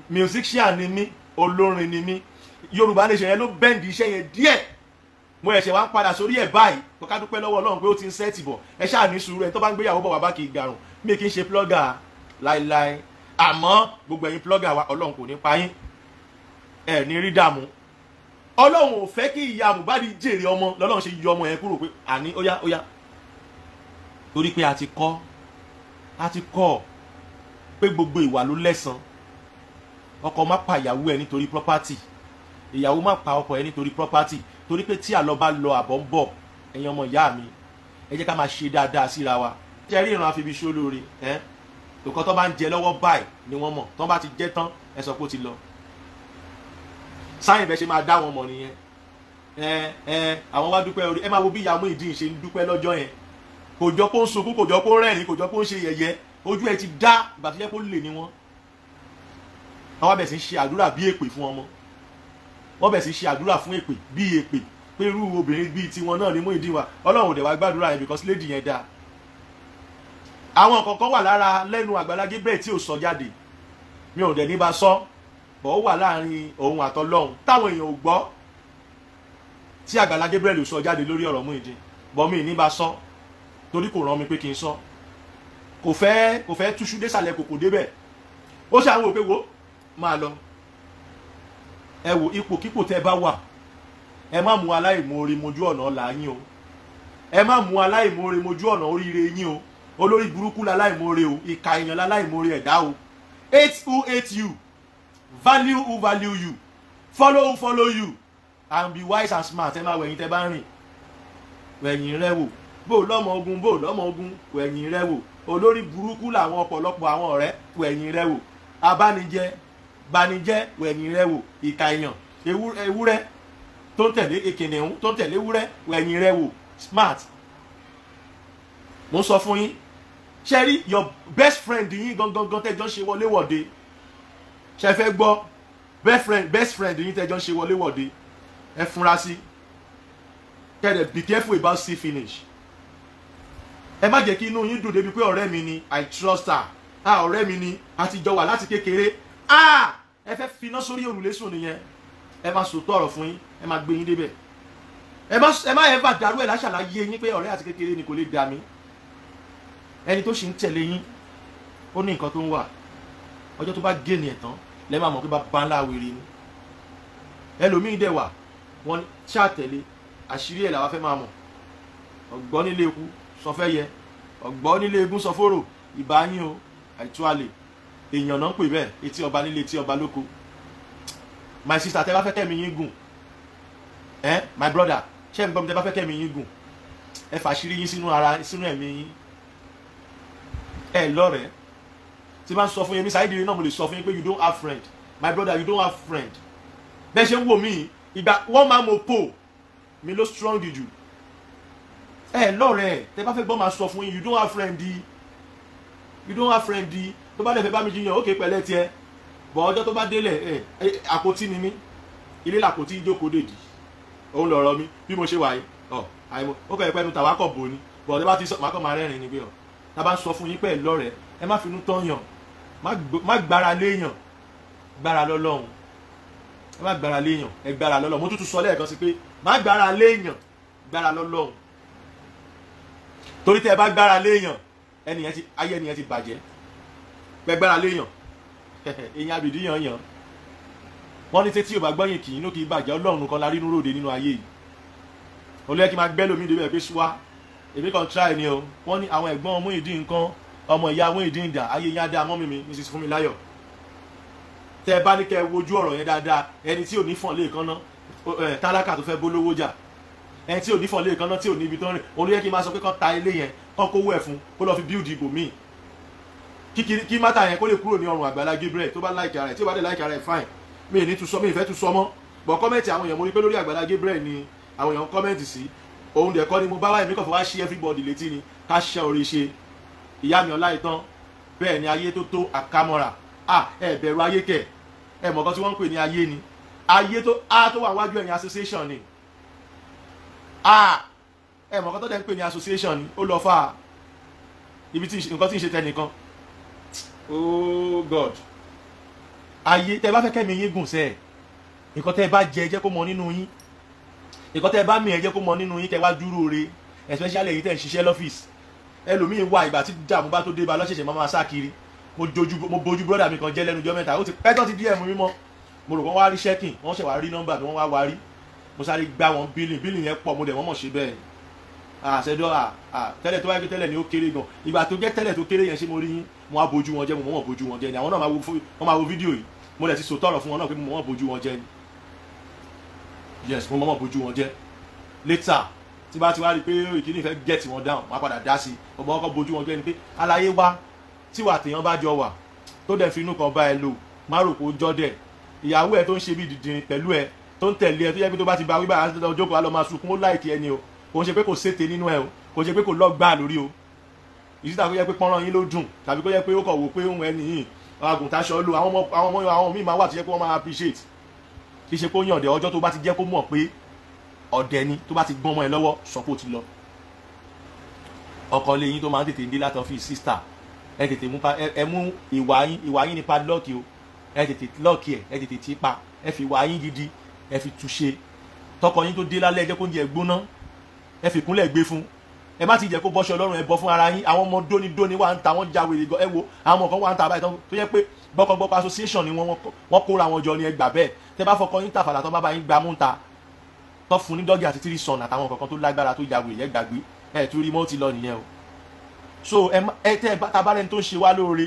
musician ni mí olórin ni mí Yorùbá Nation yẹn ló bẹ́ǹdì iṣẹ́ yẹn díẹ̀ mo ẹ̀ṣẹ̀ wá ń padà sórí ẹ̀ báyìí kó ká dúpẹ́ lọ́wọ́ Ọlọ́run pé ó ti ń sẹ́ẹ̀tì bọ̀ ẹ ṣáà ní sùúrù ẹ tó bá ń gbéyàwó bọ̀ wá bá kì í garùn mi kì í ṣe blogger láéláé àmọ́ gbogbo ẹ̀yin blogger wa Ọlọ́run kò ní pa yín ẹ̀ ní rí dààmú Ọlọ́run ò fẹ́ kí ìyá Mohbad jèrè ọmọ lọ́lọ́run ṣe yọ ọmọ yẹn kúrò pé àní óyá óyá torí pé a ti kọ́ a ti kọ́ pé gbogbo ìwà ló lẹ́san ọkọ má pa ìyàwó ẹ nítorí property ìyàwó má pa ọkọ ẹ nítorí property torí pé tí àlọ́ bá lọ àbọ̀ ń bọ̀ ẹ̀yin ọmọ ìyá mi ẹ jẹ́ ká máa ṣe dáadáa síra wa ṣe rí ìran àfi ibi ṣó lóore ẹ́ nǹkan tó bá ń jẹ lọ́wọ́ báyìí ni wọ́n mọ̀ tó bá ti jẹ́ tán ẹ sọ pé ó ti lọ sáyìn bẹ́ẹ̀ ṣe máa dá wọn mọ̀ nìyẹn ẹ ẹ àwọn wá dúpẹ́ orí ẹ máa wo bí ìyàwó ìdí ìṣe ń dúpẹ́ lọ́jọ́ yẹn kò jọ pé ó ń sunkún kò jọ pé ó rẹ́rìn kò jọ pé ó ń ṣe yẹ̀yẹ́ ojú ẹ ti dá ìgbà tó jẹ́ pé ó lè ní wọn àwọn abẹ̀sí ń ṣe àdúrà bí èpè fún ọmọ wọ́n bẹ̀ sí ṣe àdúrà fún èpè bí èpè pé irú obìnrin bíi tiwọn náà ni mú ìdí wa ọlọ́run dẹ̀ wá gbàdúrà yẹn because lady yẹn dáa àwọn kọ̀ọ̀kan wà lára lẹ́nu Àgbàlá Gabriel tí ò sọ jáde mi ò dẹ̀ ní bá sọ bọ̀ ó wà láàrin òun àtọlọ́hun táwọn èèyàn ò gbọ́ tí Àgbàlá Gabriel ò sọ jáde lórí ọ̀rọ̀ mú ìdí bọ̀ mi ní bá sọ torí kò rán mi pé kí n sọ kò fẹ́ kò fẹ́ túṣu désàlẹ̀ kòkò débẹ̀ ó ṣe àwọn òpè wo máa lọ ẹ wò ipò kípò tẹ bá wà ẹ má mú aláìmoore mojú ọ̀nà ọ̀la yín o ẹ má mú aláìmoore mojú ọ̀nà oríire yín o olórí burúkú láláìmoore o ìka èèyàn láláìmoore ẹ̀dá o hate who hate you value who value you follow who follow you and be wise and smart ẹ má wẹ̀yìn tẹ bá ń rìn wẹ̀yìn rẹ wò bó lọ́mọ ogun bó lọ́mọ ogun wẹ̀yìn rẹ wò olórí burúkú làwọn ọ̀pọ̀lọpọ̀ àwọn ọ̀rẹ́ wẹ̀yìn rẹ wò abánijẹ banijẹ wẹ̀yìn rẹ wò ìka èèyàn ewúrẹ́ tó ń tẹ̀lé kìnìún tó ń tẹ̀lé ewúrẹ́ wẹ̀yìn rẹ wò smart mo sọ fún yín ṣe rí your best friend yín gangan tẹjọ ṣe wọléwọ̀de ṣe fẹ́ gbọ́ best friend best friend yín tẹjọ ṣe wọléwọ̀de ẹ fúnra sí kẹ́dẹ̀ be careful about see finish ẹ má jẹ́ kí inú yín dùn débi pé ọ̀rẹ́ mi ni i trust her ah ọ̀rẹ́ mi ni a ti jọ wà láti kékeré ah ẹ fẹ́ finá sórí òrùlé sùn nìyẹn ẹ má sòótọ́ ọ̀rọ̀ fún yín ẹ má gbé yín débẹ̀ ẹ má ẹ má ẹ̀fà dàrú ẹ̀ láṣàlá yé yín pé ọ̀rẹ́ àti kékeré ni kò lè dà mí ẹni tó sì ń tẹ̀lé yín ó ní nǹkan tó ń wà ọjọ́ tó bá gé ni ẹ̀tàn lẹ́ máa mọ̀ pé bàbá ńlá wèrè ni ẹlòmíín dẹ̀ wà wọ́n ṣáà àṣírí ẹ̀ làwa fẹ́ máa mọ̀ ọ̀gbọ́n nílé ikú sọ fẹ́ yẹ ọ̀gbọ́ nílé egun sọ fóró ìbá yín o àìtú àlè èèyàn náà ń pè bẹ́ẹ̀ etí ọba nílé etí ọba lóko my sister tẹ́ bá fẹ́ kẹ́mi yín gùn ẹ my brother ṣé ń gbọ́ mi tẹ́ bá fẹ́ kẹ́mi yín gùn ẹ fàṣírí yín sínú ara sínú ẹ̀mí yín ẹ lọ́rẹ̀ẹ́ tí bá ń sọ fún yín mi sáyé ìdílé náà mo lè sọ fún yín pé you don't have friend my brother you don't have friend bẹ́ẹ̀ ṣe ń wò mí ìgbà wọ́n máa mọ̀ po mi ló strong jù ẹ eh, lọ́rẹ̀ẹ́ tẹ bá fẹ́ gbọ́ máa sọ fún yín you don't have friend you don't have friend tó bá lè fẹ́ bá mi jiyàn ókè pẹ̀lẹ́ tiẹ̀ bọ̀ ọjọ́ tó bá délẹ̀ ẹ eh, eh, àpótí ni mí ilé làpótí ìjókòó dèdì òun lọ̀rọ̀ mi bí mo ṣe wà yìí ọ̀ àìmọ̀ ó kọ̀ ẹ̀pẹ́ nu tàwa kọ̀ bò ni bọ̀ ọ̀dẹ́ bá ti sọ màá kọ̀ máa rẹ́rìn ni pé ọ̀ tá a bá ń sọ fún yín pẹ́ lọ́rẹ̀ẹ́ ẹ má finú tọ́yàn má gbára léèyàn gbára lọ́lọ́run ẹ má gbára léèyàn ẹ gbára lọ́lọ́run mo tún tún sọ lẹ́ẹ̀kan sí pé má gbára léèyàn gbára lọ́lọ́run torí tẹ́ ẹ bá gbára léèyàn ẹnìyẹn ti ayé ẹnìyẹn ti bàjẹ́ pẹ́ gbára léèyàn èyàn àbìdí yàn yàn wọ́n ní sétí ò bá gbọ́yìn kì í inú kì í bàjẹ́ ọlọ́run kan la rí inú ròde nínú ayé yìí olóyè kí n máa gbẹ́ lómi ìdíbẹ̀ pé ṣúwá èmi kan try ni o wọ́n ní àwọn ẹ̀gbọ́n ọmú ìdí nǹkan ọmọ ìyá ọmú ìdí ìdà ayé yín á dá mọ́ mi mi Mrs Fúnmiláyọ̀ tẹ́ ẹ bá ní kẹ́ ẹ wojú ọ̀rọ̀ yẹn dáadáa ẹni tí ò ní fọ̀n lè kan ná tálákà tó fẹ́ bólówó jà ẹ tí ò ní fọlé kan náà tí ò ní ibi tó ń rìn olóyè kí n máa sọ pé kán ta ilé yẹn kán kówó ẹ̀ fún kó lọ́ọ́ fi bíúdì ibò míì kíkiri kí mátà yẹn kó lè kúrò ní ọrùn Àgbàlá Gabriel tó bá láìkì ara ẹ̀ tí ó bá dé láìkì ara ẹ̀ fine mi ì ní tu sọ mi ì fẹ́ tu sọ mọ́ bọ̀ kọ́mẹ́ǹtì àwọn èèyàn mo rí pé lórí Àgbàlá Gabriel ni àwọn èèyàn kọ́mẹ́ǹtì sí òun dẹ̀ kọ́ ni mo bá wáyé mi kàn fún wá ṣí everybody létí ni ká ṣe orí ṣe ìyá mi ọlá ìtàn bẹ́ẹ̀ ni ayé tó tó àkámọ́ra à ẹ bẹ̀rù ayé kẹ̀ ẹ mọ̀ kan tí wọ́n ń pè ní ayé ni ayé tó á tó wà wájú ẹ̀yìn association ni ẹ mọ̀ kọ́tọ́ dẹ̀ ń pè ní association ni ó lọ fà ibi tí nǹkan tí ń ṣe tẹnìkan oh god ayé tẹ bá fẹ́ kẹ́mi yín gùn sẹ́ẹ̀ nǹkan tẹ bá jẹ ẹ jẹ́ kó mọ nínú yín nǹkan tẹ bá mì ẹ kó mọ nínú yín tẹ wá dúró re especially èyí tẹ̀ ń ṣiṣẹ́ lọ́fíìsì ẹlòmíín wà ìgbà tí dààmú bá tó dé ba lọ́sẹ̀ṣẹ̀ máa máa sá kiri mo bojú brọ́dà mi kan jẹ́ lẹ́nu jọ́ mẹ́ta ó ti pẹ́ tán ti díẹ̀ mú mímọ́ mo rò wọ́n wá rí ṣẹ́kìn wọ́n ṣẹ̀ wá rí nọ́mbà mi wọ́n wá wá rí mo sáré gbá wọn bílì bílì yẹn pọ̀ mo dẹ̀ wọ́n mọ̀ ṣe bẹ́ẹ̀ àṣẹjọ́ à tẹ́lẹ̀ tó wáyé tẹ́lẹ̀ ni ó kéré gan ìgbà tó jẹ́ tẹ́lẹ̀ tó kéré yẹn ṣé mo rí yín mo á bojú wọn jẹ́ mo mọ̀ bojú wọn jẹ́ ni àwọn náà máa wo fídíò yìí mo dẹ̀ ti sòtọ́ ọ̀rọ̀ fún wọn náà pé mo mọ̀ bojú wọn jẹ́ ni yes mo mọ̀ bojú wọn jẹ́ later tí bá ti wá rí i pé ìkíní ìfẹ́ get wọn down máa padà dá sí i ọmọ ọkọ bojú wọn jẹ́ ni pé aláyé wa tí wà tèèyàn bá jọ wà tó dẹ̀ fi inú kan bá ẹ lò má rò pé ó jọ́ dẹ̀ ìyàwó tó ń tẹ̀lé ẹ tó yẹ pé tó bá ti ba wíwá àti ọjọ́kọ̀ á lọ máa sunkún ó láìkí ẹni o kò ń ṣe pé kò sété nínú ẹ o kò ń ṣe pé kò lọ́gbà lórí o ìsítà kó yẹ pé pọ́nrán yín ló dùn tàbí kó yẹ pé ó kọ̀ wò pé òun ẹni yìí àgùntàṣọ lò àwọn ọmọ àwọn míì máa wà tó yẹ pé wọ́n máa appreciate kì í ṣe pé ó yàn ọ̀dẹ̀ ọjọ́ tó bá ti jẹ́ kó mọ̀ pé ọ̀dẹ̀ ni tó bá ti gbọ́n mọ́ ẹ lọ́wọ́ sọ pé ó ti lọ ọkọ lé yín tó máa ń tètè dé láti ọ́fíìsì sísítà ẹ tètè mú ẹ mú ìwà yín ìwà yín nípa lọ́ọ̀kì o ẹ tètè lọ́ọ̀kì ẹ ẹ tètè tí pa ẹ fi ìwà yín gidi ẹ fi túṣe tọkọ yín tó dé lálẹ́ ẹ jẹ́ kó ń jẹ gbóná ẹ fi ìkúnlẹ̀ gbé fún ẹ má ti jẹ́ kó bọ́ṣọ ọlọ́run ẹ bọ́ fún ara yín àwọn ọmọ dóni dóni wà ń ta wọ́n ja wèrè gan ẹ wo àwọn ọmọ kan wà ń ta báyìí tó yẹ pé gbọ́kọ̀gbọ́kọ̀ association ni wọ́n kóra wọn jọ ni ẹ gbà bẹ́ẹ̀ tẹ bá fọkọ yín tàfàlà tó bá bá yín gbà mú ta tó fún ní dọ́gì àti tírí sọ̀nà àtàwọn kankan tó lágbára tó ja wèrè ẹ gbàgbé ẹ tún rí mọ́ ti lọ nìyẹn o so ẹ tẹ tabalẹ́ni tó ń ṣe wá lóore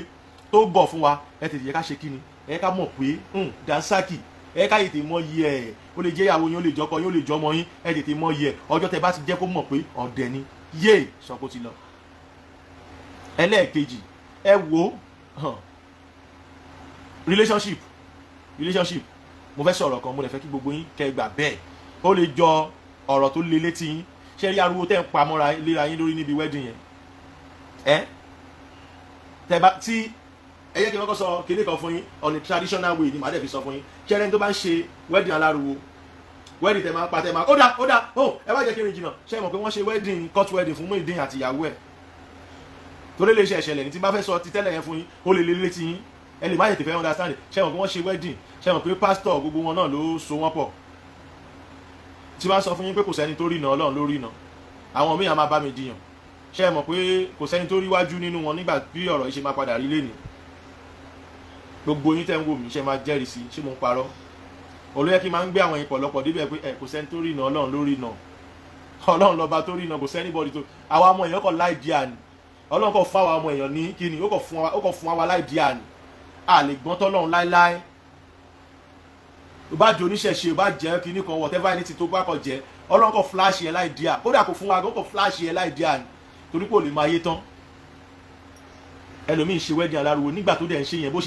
tó bọ̀ fún wa ẹ tètè yẹ ká ṣe kíni ẹ ká mọ̀ pé hmm, dansaki ẹ ká tètè mọ iye ẹ̀ ó lè jẹ́ ìyàwó yín ó lè jọkọ yín ó lè jọmọ yín ẹ tètè mọ iye ẹ̀ ọjọ́ tẹ bá ti jẹ́ kó mọ̀ pé ọ̀dẹ̀ ni yéè sọ́kó ti lọ. ẹlẹ́ẹ̀kejì ẹ wo relationship relationship mo fẹ́ sọ̀rọ̀ kan mo lè fẹ́ kí gbogbo yín kẹ́ gbà bẹ́ẹ̀ ó lè jọ ọ̀rọ̀ tó le létí yín ṣé rí ariwo tẹ́ ń pa léra yín lórí níbi wedding yẹn ẹ́ tẹ́ bá tí ẹ yẹ kí n kọ́kọ́ sọ kinní kan fún yín on a traditional way ni màá dẹ̀ fi sọ fún yín ṣẹ́rẹ́ tó bá ń ṣe wedding aláriwo wedding tẹ̀ máa pa tẹ̀ máa ó dà ó dà ó ẹ bá jẹ́ kí n jìnnà ṣe mọ̀ pé wọ́n ṣe wedding court wedding fún Muyideen àti ìyàwó ẹ̀ torí lè ṣe ẹ̀ṣẹ̀lẹ̀ ní tí n bá fẹ́ sọ ti tẹ́lẹ̀ yẹn fún yín ó lè lé létí yín ẹ lè má tètè fẹ́ understand ṣe mọ̀ ṣe wedding ṣe mọ̀ pé pásítọ̀ gbogbo wọn náà ló so wọ́n pọ̀ tí bá sọ fún yín pé kò sẹ́ni tó rìnà Ọlọ́run ló rìnà àwọn míì á máa bá mi jiyàn ṣe mọ̀ pé gbogbo yín tẹ́ ń wò mí ṣe máa jẹ́rìí sí ṣé mo ń parọ́ olóyè kí n máa ń gbé àwọn yìí pọ̀lọpọ̀ débẹ̀ pé ẹ kò sẹ́ni tó rìnà ọlọ́run ló rìnà ọlọ́run lọ́ba tó rìnà kò sẹ́ni bọ́dì tó àwa ọmọ èèyàn kọ̀ láì di àní ọlọ́run kọ̀ fún àwa ọmọ èèyàn ní kíni ó kọ̀ fún àwa láì di àní a lè gbọ́n tọ́lọ́run láéláé bá jẹ oníṣẹ̀ṣe o bá jẹ kíní kan whatever anything tó bá kọ̀ jẹ ọlọ́run kọ̀ flash yẹn láì di à kódà kò fún wa kó kọ̀ flash yẹn láì di àní torí pé lè máa yé tán ẹlòmíín ṣe wedding aláriwo nígbà tó dẹ̀ ń ṣe yẹn bó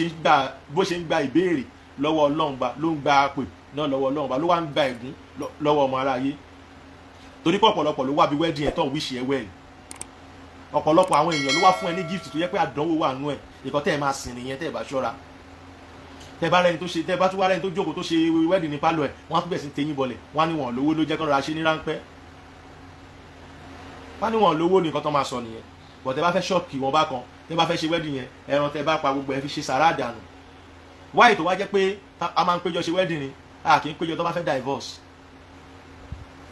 ṣe ń gba ìbéèrè lọ́wọ́ ọlọ́run ba ló ń gba àpè náà lọ́wọ́ ọlọ́run ba ló wá ń gba ẹ̀gún lọ́wọ́ ọmọ aráyé torí pé ọ̀pọ̀lọpọ̀ ló wá bí wedding yẹn tó ń wíṣì ẹ wẹ̀yìn ọ̀pọ̀lọpọ̀ àwọn èèyàn ló wá fún ẹ ní gift tó yẹ pé àdánwò wà nú ẹ nǹkan tẹ́ ẹ máa sìn nìyẹn tẹ́ ẹ bá ṣọ́ra tẹ́ bá rẹni tó ṣe tẹ́ bá tún wá rẹni tó jókòó tó ṣe wedding ní pálọ̀ ẹ wọ́n á tún bẹ̀ sí tẹ̀yìn bọ̀lẹ̀ wọ́n á ní wọn lówó ló jẹ́ kán rọra ṣe ní ráńpẹ́ wọ́n á ní wọn lówó ní nǹkan tó máa sọ nìyẹn bọ̀tẹ́ bá fẹ́ ṣọ́ọ̀kì wọn bá kan tẹ́ bá fẹ́ ṣe wedding yẹn ẹran tẹ́ bá pa gbogbo ẹ fi ṣe sàrà àdànù wáyé tó wá jẹ́ pé a máa ń péjọ ṣe wedding ni a kì í péjọ tó bá fẹ́ divorce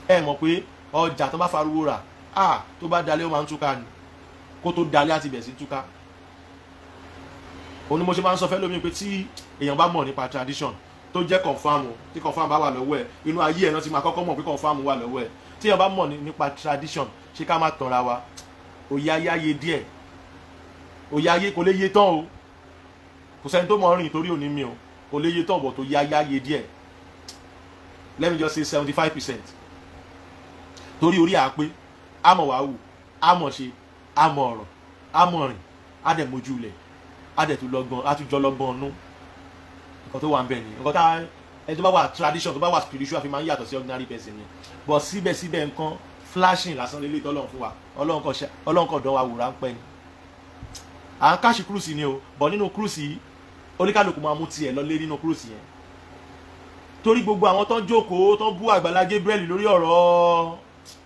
ẹ mọ̀ pé ọjà tó bá fariwo rà a tó bá dalẹ̀ ó máa ń túká ni kó tó dalẹ̀ àti bẹ̀ sí túká òun ni mo ṣe máa ń sọ fẹ́ lómi pé tí èèyàn bá mọ̀ nípa tradition tó jẹ́ confam o tí confam bá wà lọ́wọ́ ẹ̀ inú ayé ẹ̀ náà ti máa kọ́kọ́ mọ̀ pé confam wà lọ́wọ́ ẹ̀ tí èèyàn bá mọ̀ nípa tradition ṣé ká má tanra wa òye ayé díẹ̀ òye ayé kò lè yé tán o kò sẹ́ni tó mọ̀ rìn torí òní mi o kò lè yé tán bọ̀ tó yá yá yé díẹ̀ let me just say seventy five percent torí orí àpé àmọ̀ wàá wù àmọ̀ ṣe àmọ̀ ọ̀rọ̀ àmọ̀ rìn àdẹ̀mójú ilẹ̀ àdẹ̀tú lọ́gbọ̀n àtújọ́ lọ́gbọ̀n ọ̀nú nǹkan tó wà ń bẹ̀ ni nǹkan tá ẹni tó bá wà tradition tó bá wà spiritual fi máa ń yàtọ̀ sí ordinary person ni but síbẹ̀síbẹ̀ nǹkan flashing lásán lélẹ́yìí tó ọlọ́run fún wa ọlọ́run kan dán wa wò ráńpẹ́ ni à ń káṣí kúrúsì ni o bọ̀ nínú kúrúsì yìí oníkálukú máa mú tiẹ̀ lọ lé nínú kúrúsì yẹn torí gbogbo àwọn tó ń jókòó tó ń bú àgbàlá Gabriel lórí ọ̀rọ̀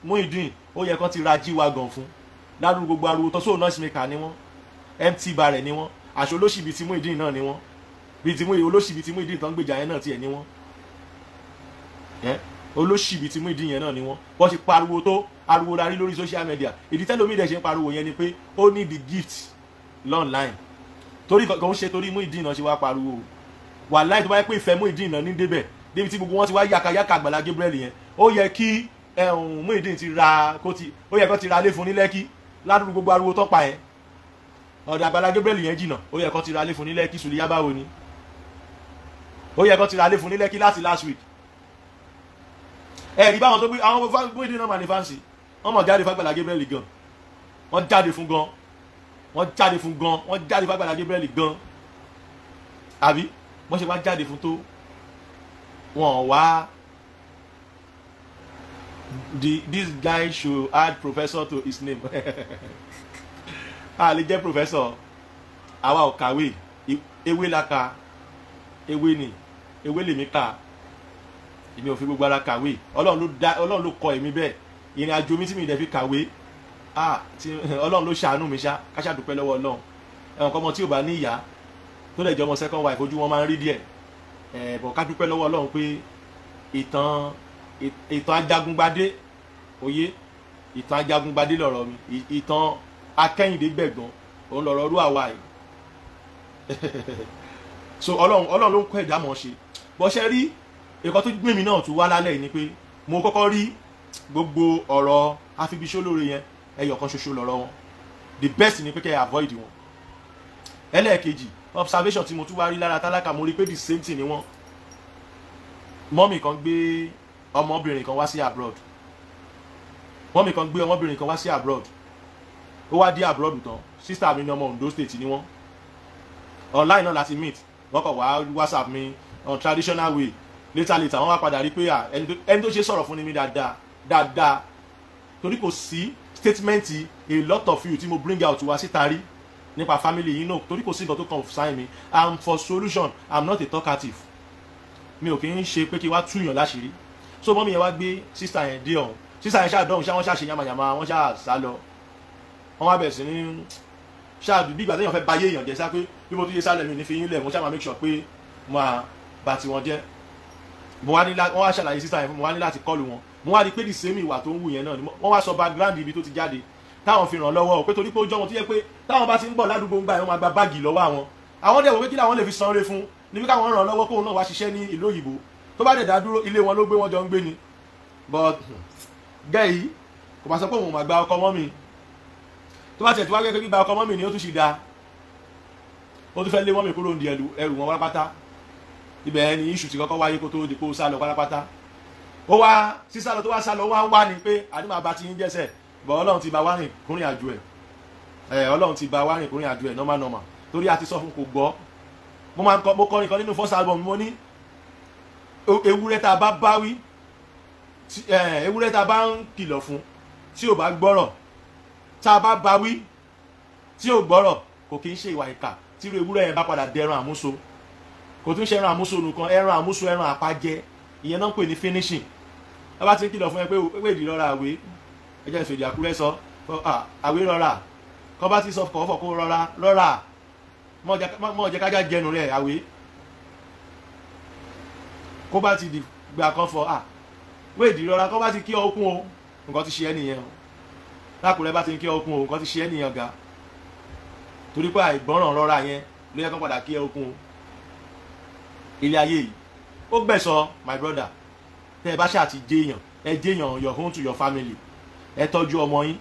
Muyideen ó yẹ kán ti ra jíwa gan fún ládùúgbò gbogbo ariwo tó sóònà ṣìmẹ̀kà ni wọ́n mt barẹ̀ ni wọ́n àṣọ olóṣìbí ti Muyideen náà ni wọ́n bíi ti Muyideen olóṣìbí ti Muyideen tó ń gbèjà yẹn náà tiẹ̀ ni wọ́n olóṣìbí ti Muyideen yẹn náà ni wọ́n wọ́n ti pariwo tó ariwo la rí lórí social media ìdí tẹ́lómi dẹ̀ ṣe pariwo yẹn ni pé ó ní the gift lọ́nláìn torí kò ń ṣe torí mú ìdí iná ṣe wá pariwo wà láì tó bá yẹ pé ìfẹ́ mú ìdí iná ní débẹ̀ débi tí gbogbo wọn ti wá yàkàyàkà Àgbàlá Gabriel yẹn ó yẹ kí eh, mú ìdí ti ra kó ti ó yẹ kó ti ra lé fún ní Lẹ́kí ládùúgbò gbogbo ariwo tó pa yẹn ọ̀dọ̀ Àgbàlá Gabriel yẹn jìnnà ó yẹ kó ti ra lé fún ní Lẹ́kí sùlẹ̀ yábàwò ni ó yẹ kó ti ra lé fún ní Lẹ́kí láti last week ẹ̀rí báwọn tó gbé àwọn mú ìdí náà mà ní fáǹsì wọ́n mọ̀ jáde fún Àgbàlá Gabriel gan wọ́n jáde fún gan wọ́n jáde fún gan wọ́n jáde fún Agbala Gabriel gan àbí wọ́n ṣe wá jáde fún tó wọ́n wá the this guy should add professor to his name Ah, lè jẹ́ professor àwa ò kàwé ewé la ka ewé ni ewé lèmi kà èmi ò fi gbogbo ara kàwé ọlọ́run ló kọ èmi bẹ́ẹ̀ ìrìn àjò mi tí mi dẹ̀ fi kàwé Ah, ọlọ́run ló ṣàánú mi ṣá káṣá dúpẹ́ lọ́wọ́ ọlọ́run ẹ̀wọ̀n kọ́mọ tí ò bá ní ìyá tó lè jẹ́ ọmọ second wife ojú wọn máa ń rí díẹ̀ ẹ̀bọ̀ ká dúpẹ́ lọ́wọ́ ọlọ́run pé ìtàn ìtàn ajagungbadé oyé ìtàn ajagungbadé lọ̀rọ̀ mi ìtàn akẹ́yìndé gbẹ̀gbọ́n òun lọ̀rọ̀ rú àwa yìí so ọlọ́run ọlọ́run ló ń kọ́ ẹ̀dá mọ̀ ṣe bó ṣe rí ẹ̀kọ́ tó gbẹ̀mí náà tún wá lálẹ́ yìí ni pé mo kọ́kọ́ rí gbogbo ọ̀rọ̀ afibiṣólóore yẹn ẹyọ kan ṣoṣo lọ́rọ̀ wọn the best ni pé kẹ́ ẹ avoid wọn ẹlẹ́ẹ̀kejì observation tí mo tún wá rí lára tálákà mo rí pé the same thing ni wọ́n mọ́mì kan gbé ọmọbìnrin kan wá sí abroad mọ́mì kan gbé ọmọbìnrin kan wá sí abroad ó wá dé abroad tán sister mi ní ọmọ Ondo state ni wọ́n online náà láti meet wọ́n kàn wá whatsapp mi on traditional way later later wọ́n wá padà rí pé ẹni tó ṣe sọ̀rọ̀ fún mi dáadáa dáadáa torí kò sí statement a lot of you tí mo bring out wá síta rí nípa family yìí náà torí kò sí nǹkan tó concern mi i'm for solution i'm not a talkative mi ò kì í ṣe pé kí wá túyàn láṣìírí so mọ́mí yẹn wá gbé sísà yẹn dé ọ̀hún sísà yẹn ṣàdọ̀hún ṣá wọ́n ṣàṣe yamayama wọ́n ṣá sá lọ wọ́n wá bẹ̀rẹ̀ sí ní ṣáàdù bí ìgbà téèyàn fẹ́ bayé èèyàn jẹ́ sá pé bí mo tún yé sálẹ̀ mi ní fi yín lẹ̀ mo ṣá máa make sure pé mo à bá tiwọn jẹ́ mo wá ní wọ́n wá ṣàlàyé sísà yẹn láti kọ́ọ̀lù wọn mo wá rí pé the same ìwà tó ń wù yẹn náà ni wọ́n wá sọ background ibi tó ti jáde táwọn fi ràn lọ́wọ́ pé torí pé ó jọ́ wọn tó yẹ pé táwọn bá ti ń bọ̀ ládùúgbò ń gbà yẹn wọ́n máa gba báàgì lọ́wọ́ àwọn àwọn dẹ̀ wọ́n pé kí làwọn lè fi sanre fún níbi káwọn ràn lọ́wọ́ kóun náà wá ṣiṣẹ́ ní ìlú òyìnbó tó bá dẹ̀ dá dúró ilé wọn ló gbé wọn jọ ń gbé ni but gẹ́yì kò bá sọ pé òun máa gba ọkọ mọ́ ni ó tún ṣì dáa ó tún fẹ́ lé mọ́ mi kúrò ní ẹrù wọn pátápátá ibẹ̀ ni ó wá sísálọ tó wá sálọ wá wá ni pé àdìmọ̀ àbá ti ń jẹ́sẹ̀ bọ̀ ọlọ́run ti bá wá rìn kúnrìn àjò ẹ̀ ẹ̀ ọlọ́run ti bá wá rìn kúnrìn àjò ẹ̀ normal normal torí a ti sọ fún kò gbọ́ mo máa ń kọ mo kọrin kan nínú first album mo ní ewúrẹ́ tá a bá báwí ewúrẹ́ tá a bá ń kìlọ̀ fún tí ò bá gbọ́rọ̀ tá a bá báwí tí ò gbọ́rọ̀ kò kí ń ṣe ìwà ìkà tí irú ewúrẹ́ yẹn bá padà dẹran àmúso kò tún ṣe ẹran àmúso nìkan ẹran àmúso ẹran àpajẹ ìyẹn náà ń pè ní finishing ẹ bá ti ń kìlọ̀ fún ẹ pé pé ìdí lọ́ra àwé ẹ jẹ́ ìfèdè àkúrẹ́ sọ àwé rọra kọ́ bá ti sọ kọ́ fọ̀ kó rọra rọra mọ́ jẹ́ kájá jẹnu rẹ̀ àwé kó bá ti di gbà kan fọ à pé ìdí rọra kọ́ bá ti kí ọkùn o nǹkan ti ṣe ẹ́ nìyẹn o lákùrẹ́ bá ti ń kí ọkùn o nǹkan ti ṣe ẹ́ nìyẹn ga torí pé àìgbọ́ràn rọra yẹn ló yẹ kó padà kí ẹ okun o ilé ayé yìí ó gbẹ̀sọ my brother tẹ́ ẹ bá ṣáà ti jẹ́yàn ẹ jẹ́yàn your home to your family ẹ tọ́jú ọmọ yín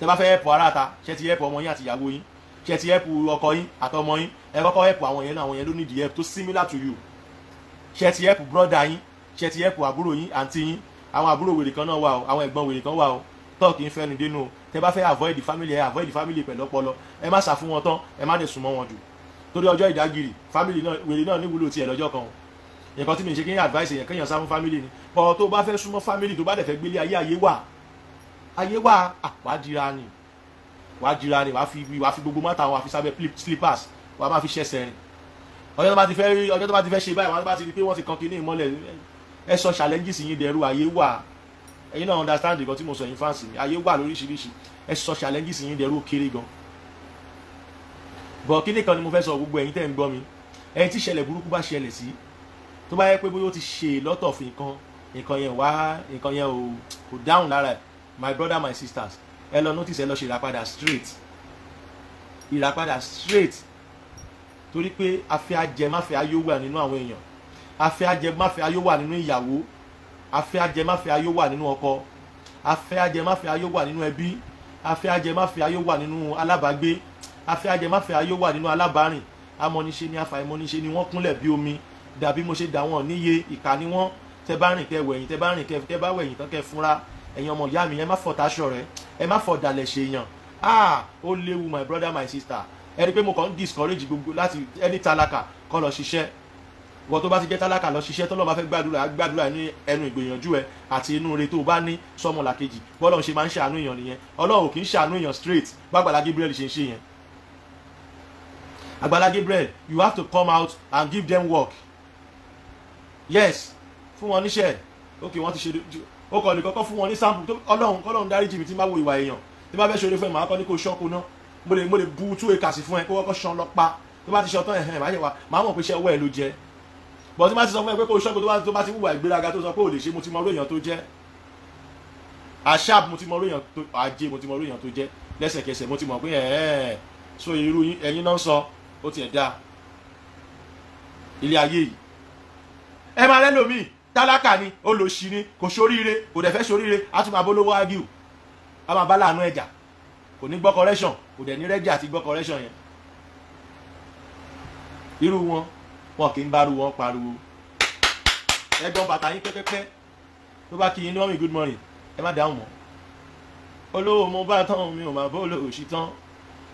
tẹ́ bá fẹ́ help ara ta ṣe ti help ọmọ yín àti ìyàwó yín ṣe ti help ọkọ yín àtọmọ yín ẹ kọ́kọ́ help àwọn yẹn náà àwọn yẹn ló need help tó similar to you ṣe ti help brother yín ṣe ti help àbúrò yín àǹtí yín àwọn àbúrò wèrè kan náà wà o àwọn ẹ̀gbọ́n wèrè kan wà o tọ́ọ̀kì ń fẹ́nu dénú o tẹ́ bá fẹ́ avoid the family ẹ avoid the family pẹ̀lú ọpọlọ ẹ má sà fún wọn tán ẹ má dẹ̀ sùn wọn jù torí ọjọ́ ìdágìrì family náà wèrè náà níwúlò tiẹ̀ lọ́jọ́ kan o nǹkan tí mi ṣe kí n advice yẹn kéèyàn sá fún family ni bọ́ tó bá fẹ́ súnmọ́ family tó bá dẹ̀ fẹ́ gbélé ayé ayé wà ayé wà ah, wá jira ni wá jira ni wá fi wá fi gbogbo mọ́ta wá fi sábẹ́ slippers wá máa fi ṣẹ̀ṣẹ̀ rìn ọjọ́ tó bá ti fẹ́ rí ọjọ́ tó bá ti fẹ́ ṣe báyìí wọ́n bá ti rí pé wọ́n ti kan kinní ìmọ́lẹ̀ ẹ sọ challenges yín dẹrú ayé wà ẹ̀yin náà understand nǹkan tí mo sọ yín fáǹsì mi ayé wà lóríṣiríṣi ẹ sọ challenges yín dẹrú kéré gan bọ̀ kinní kan ni mo fẹ́ sọ gbogbo ẹ̀yin tẹ́ ń gbọ́ mi ẹ̀yin tí ìṣẹ̀lẹ̀ burúkú bá ṣẹlẹ̀ sí tó bá yẹ pé bóyá ó ti ṣe lọ́tọ̀ fi nǹkan nǹkan yẹn wá nǹkan yẹn ò kò dáhùn lára ẹ̀ my brother my sisters ẹ lọ notice ẹ lọ ṣe ìràpadà straight ìràpadà straight torí pé afẹ́ ajẹ máfẹ́ ayó wà nínú àwọn èèyàn afẹ́ ajẹ máfẹ́ ayó wà nínú ìyàwó afẹ́ ajẹ máfẹ́ ayó wà nínú ọkọ afẹ́ ajẹ máfẹ́ ayó wà nínú ẹbí afẹ́ ajẹ máfẹ́ ayó wà nínú alábàágbé afẹ́ ajẹ máfẹ́ ayó wà nínú alábàárìn amọ̀niṣe ni afàìmọ̀niṣe ni wọ́n kúnlẹ̀ bí omi dàbí mo ṣe dà wọ́n níye ìkà ni tẹ bá rìn kẹ wẹ̀yìn tẹ bá rìn kẹ tẹ bá wẹ̀yìn tán kẹ fúnra ẹ̀yin ọmọ ìyá mi ẹ má fọ taṣọ rẹ ẹ má fọ dalẹ̀ ṣe yàn ah ó léwu my brother my sister ẹ pé mo kàn ń discourage gbogbo láti ẹni tálákà kọ́ lọ ṣiṣẹ́ wọ́n tó bá ti jẹ́ tálákà lọ ṣiṣẹ́ tọ́lọ́ bá fẹ́ gbàdúrà gbàdúrà ní ẹnu ìgbìyànjú ẹ àti inú rẹ tó bá ní sọmọ làkejì bọ́lọ̀ ṣe máa ń ṣàánú èèyàn nìyẹn ọlọ́run kì í ṣàánú èèyàn straight bàgbàlá Gabriel ṣe ń ṣe yẹn àgbàlá Gabriel you have to come out and give them work yes fún wọn níṣẹ́ ok wọ́n ti ṣe ó kọ́ ni kọ́kọ́ fún wọn ní sample tó ọlọ́run kọ́lọ́run dáríjì mi tí má wo ìwà èèyàn tí má fẹ́ ṣe oore fún ẹ̀ máa kọ́ ní kó ṣọ́kù náà mo lè mo lè bu two acres fún ẹ kó kọ́kọ́ ṣan lọ pa tó bá ti ṣe ọtán ẹ̀hẹ́n ẹ̀ máa ṣe wa máa mọ̀ pé iṣẹ́ ọwọ́ ẹ ló jẹ bọ́n tí má ti sọ fún ẹ pé kó ṣọ́kù tó bá ti wùwà ìgbéraga tó sọ pé ò lè ṣe mo ti mọ orí èèyàn tó jẹ́ ashab mo ti mọ oríyàn tó ajé mo ti mọ oríyàn tó jẹ lẹ́sẹ̀kẹsẹ̀ mo ti mọ pé so irú ẹyin náà sọ ó tiẹ̀ dáa ilé ẹ máa rẹ́ lómi tálákà ni olòṣì ni kò ṣoríire kò dẹ̀ fẹ́ ṣoríire á tún máa bó lówó ágìw á máa bá láàánú ẹ̀jà kò ní gbọ́ correction kò dẹ̀ ní rẹ́dí àti gbọ́ correction yẹn irú wọn wọn kì í bá ru wọn pariwo ẹ̀gbọ́n bàtà yín pẹ́pẹ́pẹ́ tó bá kí yín ní ọmọ good morning ẹ má dáhùn mọ́ olówó mo bá tán mi ò máa bó olóòṣì tán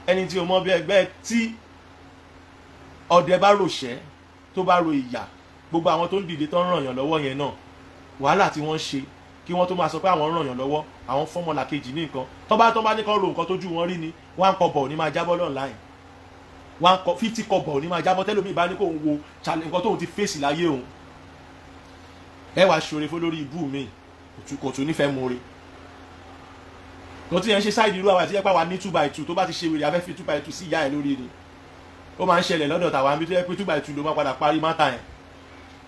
ẹni tí o mọ bí ẹgbẹ́ tí ọdẹ bá ròṣẹ́ tó bá ro ìyà gbogbo àwọn tó ń dìde tó ń ràn yàn lọ́wọ́ yẹn náà wàhálà tí wọ́n ṣe kí wọ́n tó máa sọ pé àwọn ń ràn yàn lọ́wọ́ àwọn fọ́mọlà kejì ní nǹkan tó bá tó bá ní kọ́ ro nǹkan tójú wọn rí ni wọ́n á ń kọ bọ̀ ní máa jábọ́ online wọ́n á ń kọ fifty kọ bọ̀ ní máa jábọ́ tẹ́lómi ìbá ní kò ń wo nǹkan tóun ti fèsì láyé òun ẹ wàá ṣoore fún lórí ibú mi kò tún nífẹ̀ẹ́ mu re kò tí yẹn ṣe sáìdì irú àwọn àti yẹpẹ́ wa ní two by two tó bá ti ṣe wèrè afẹ́fẹ́ two by two sí ìyá ẹ̀ lórí ni ó máa ń ṣẹlẹ̀ lọ́dọ̀ tàwa níbi tó yẹ pé two by two ló máa padà parí mátà yẹn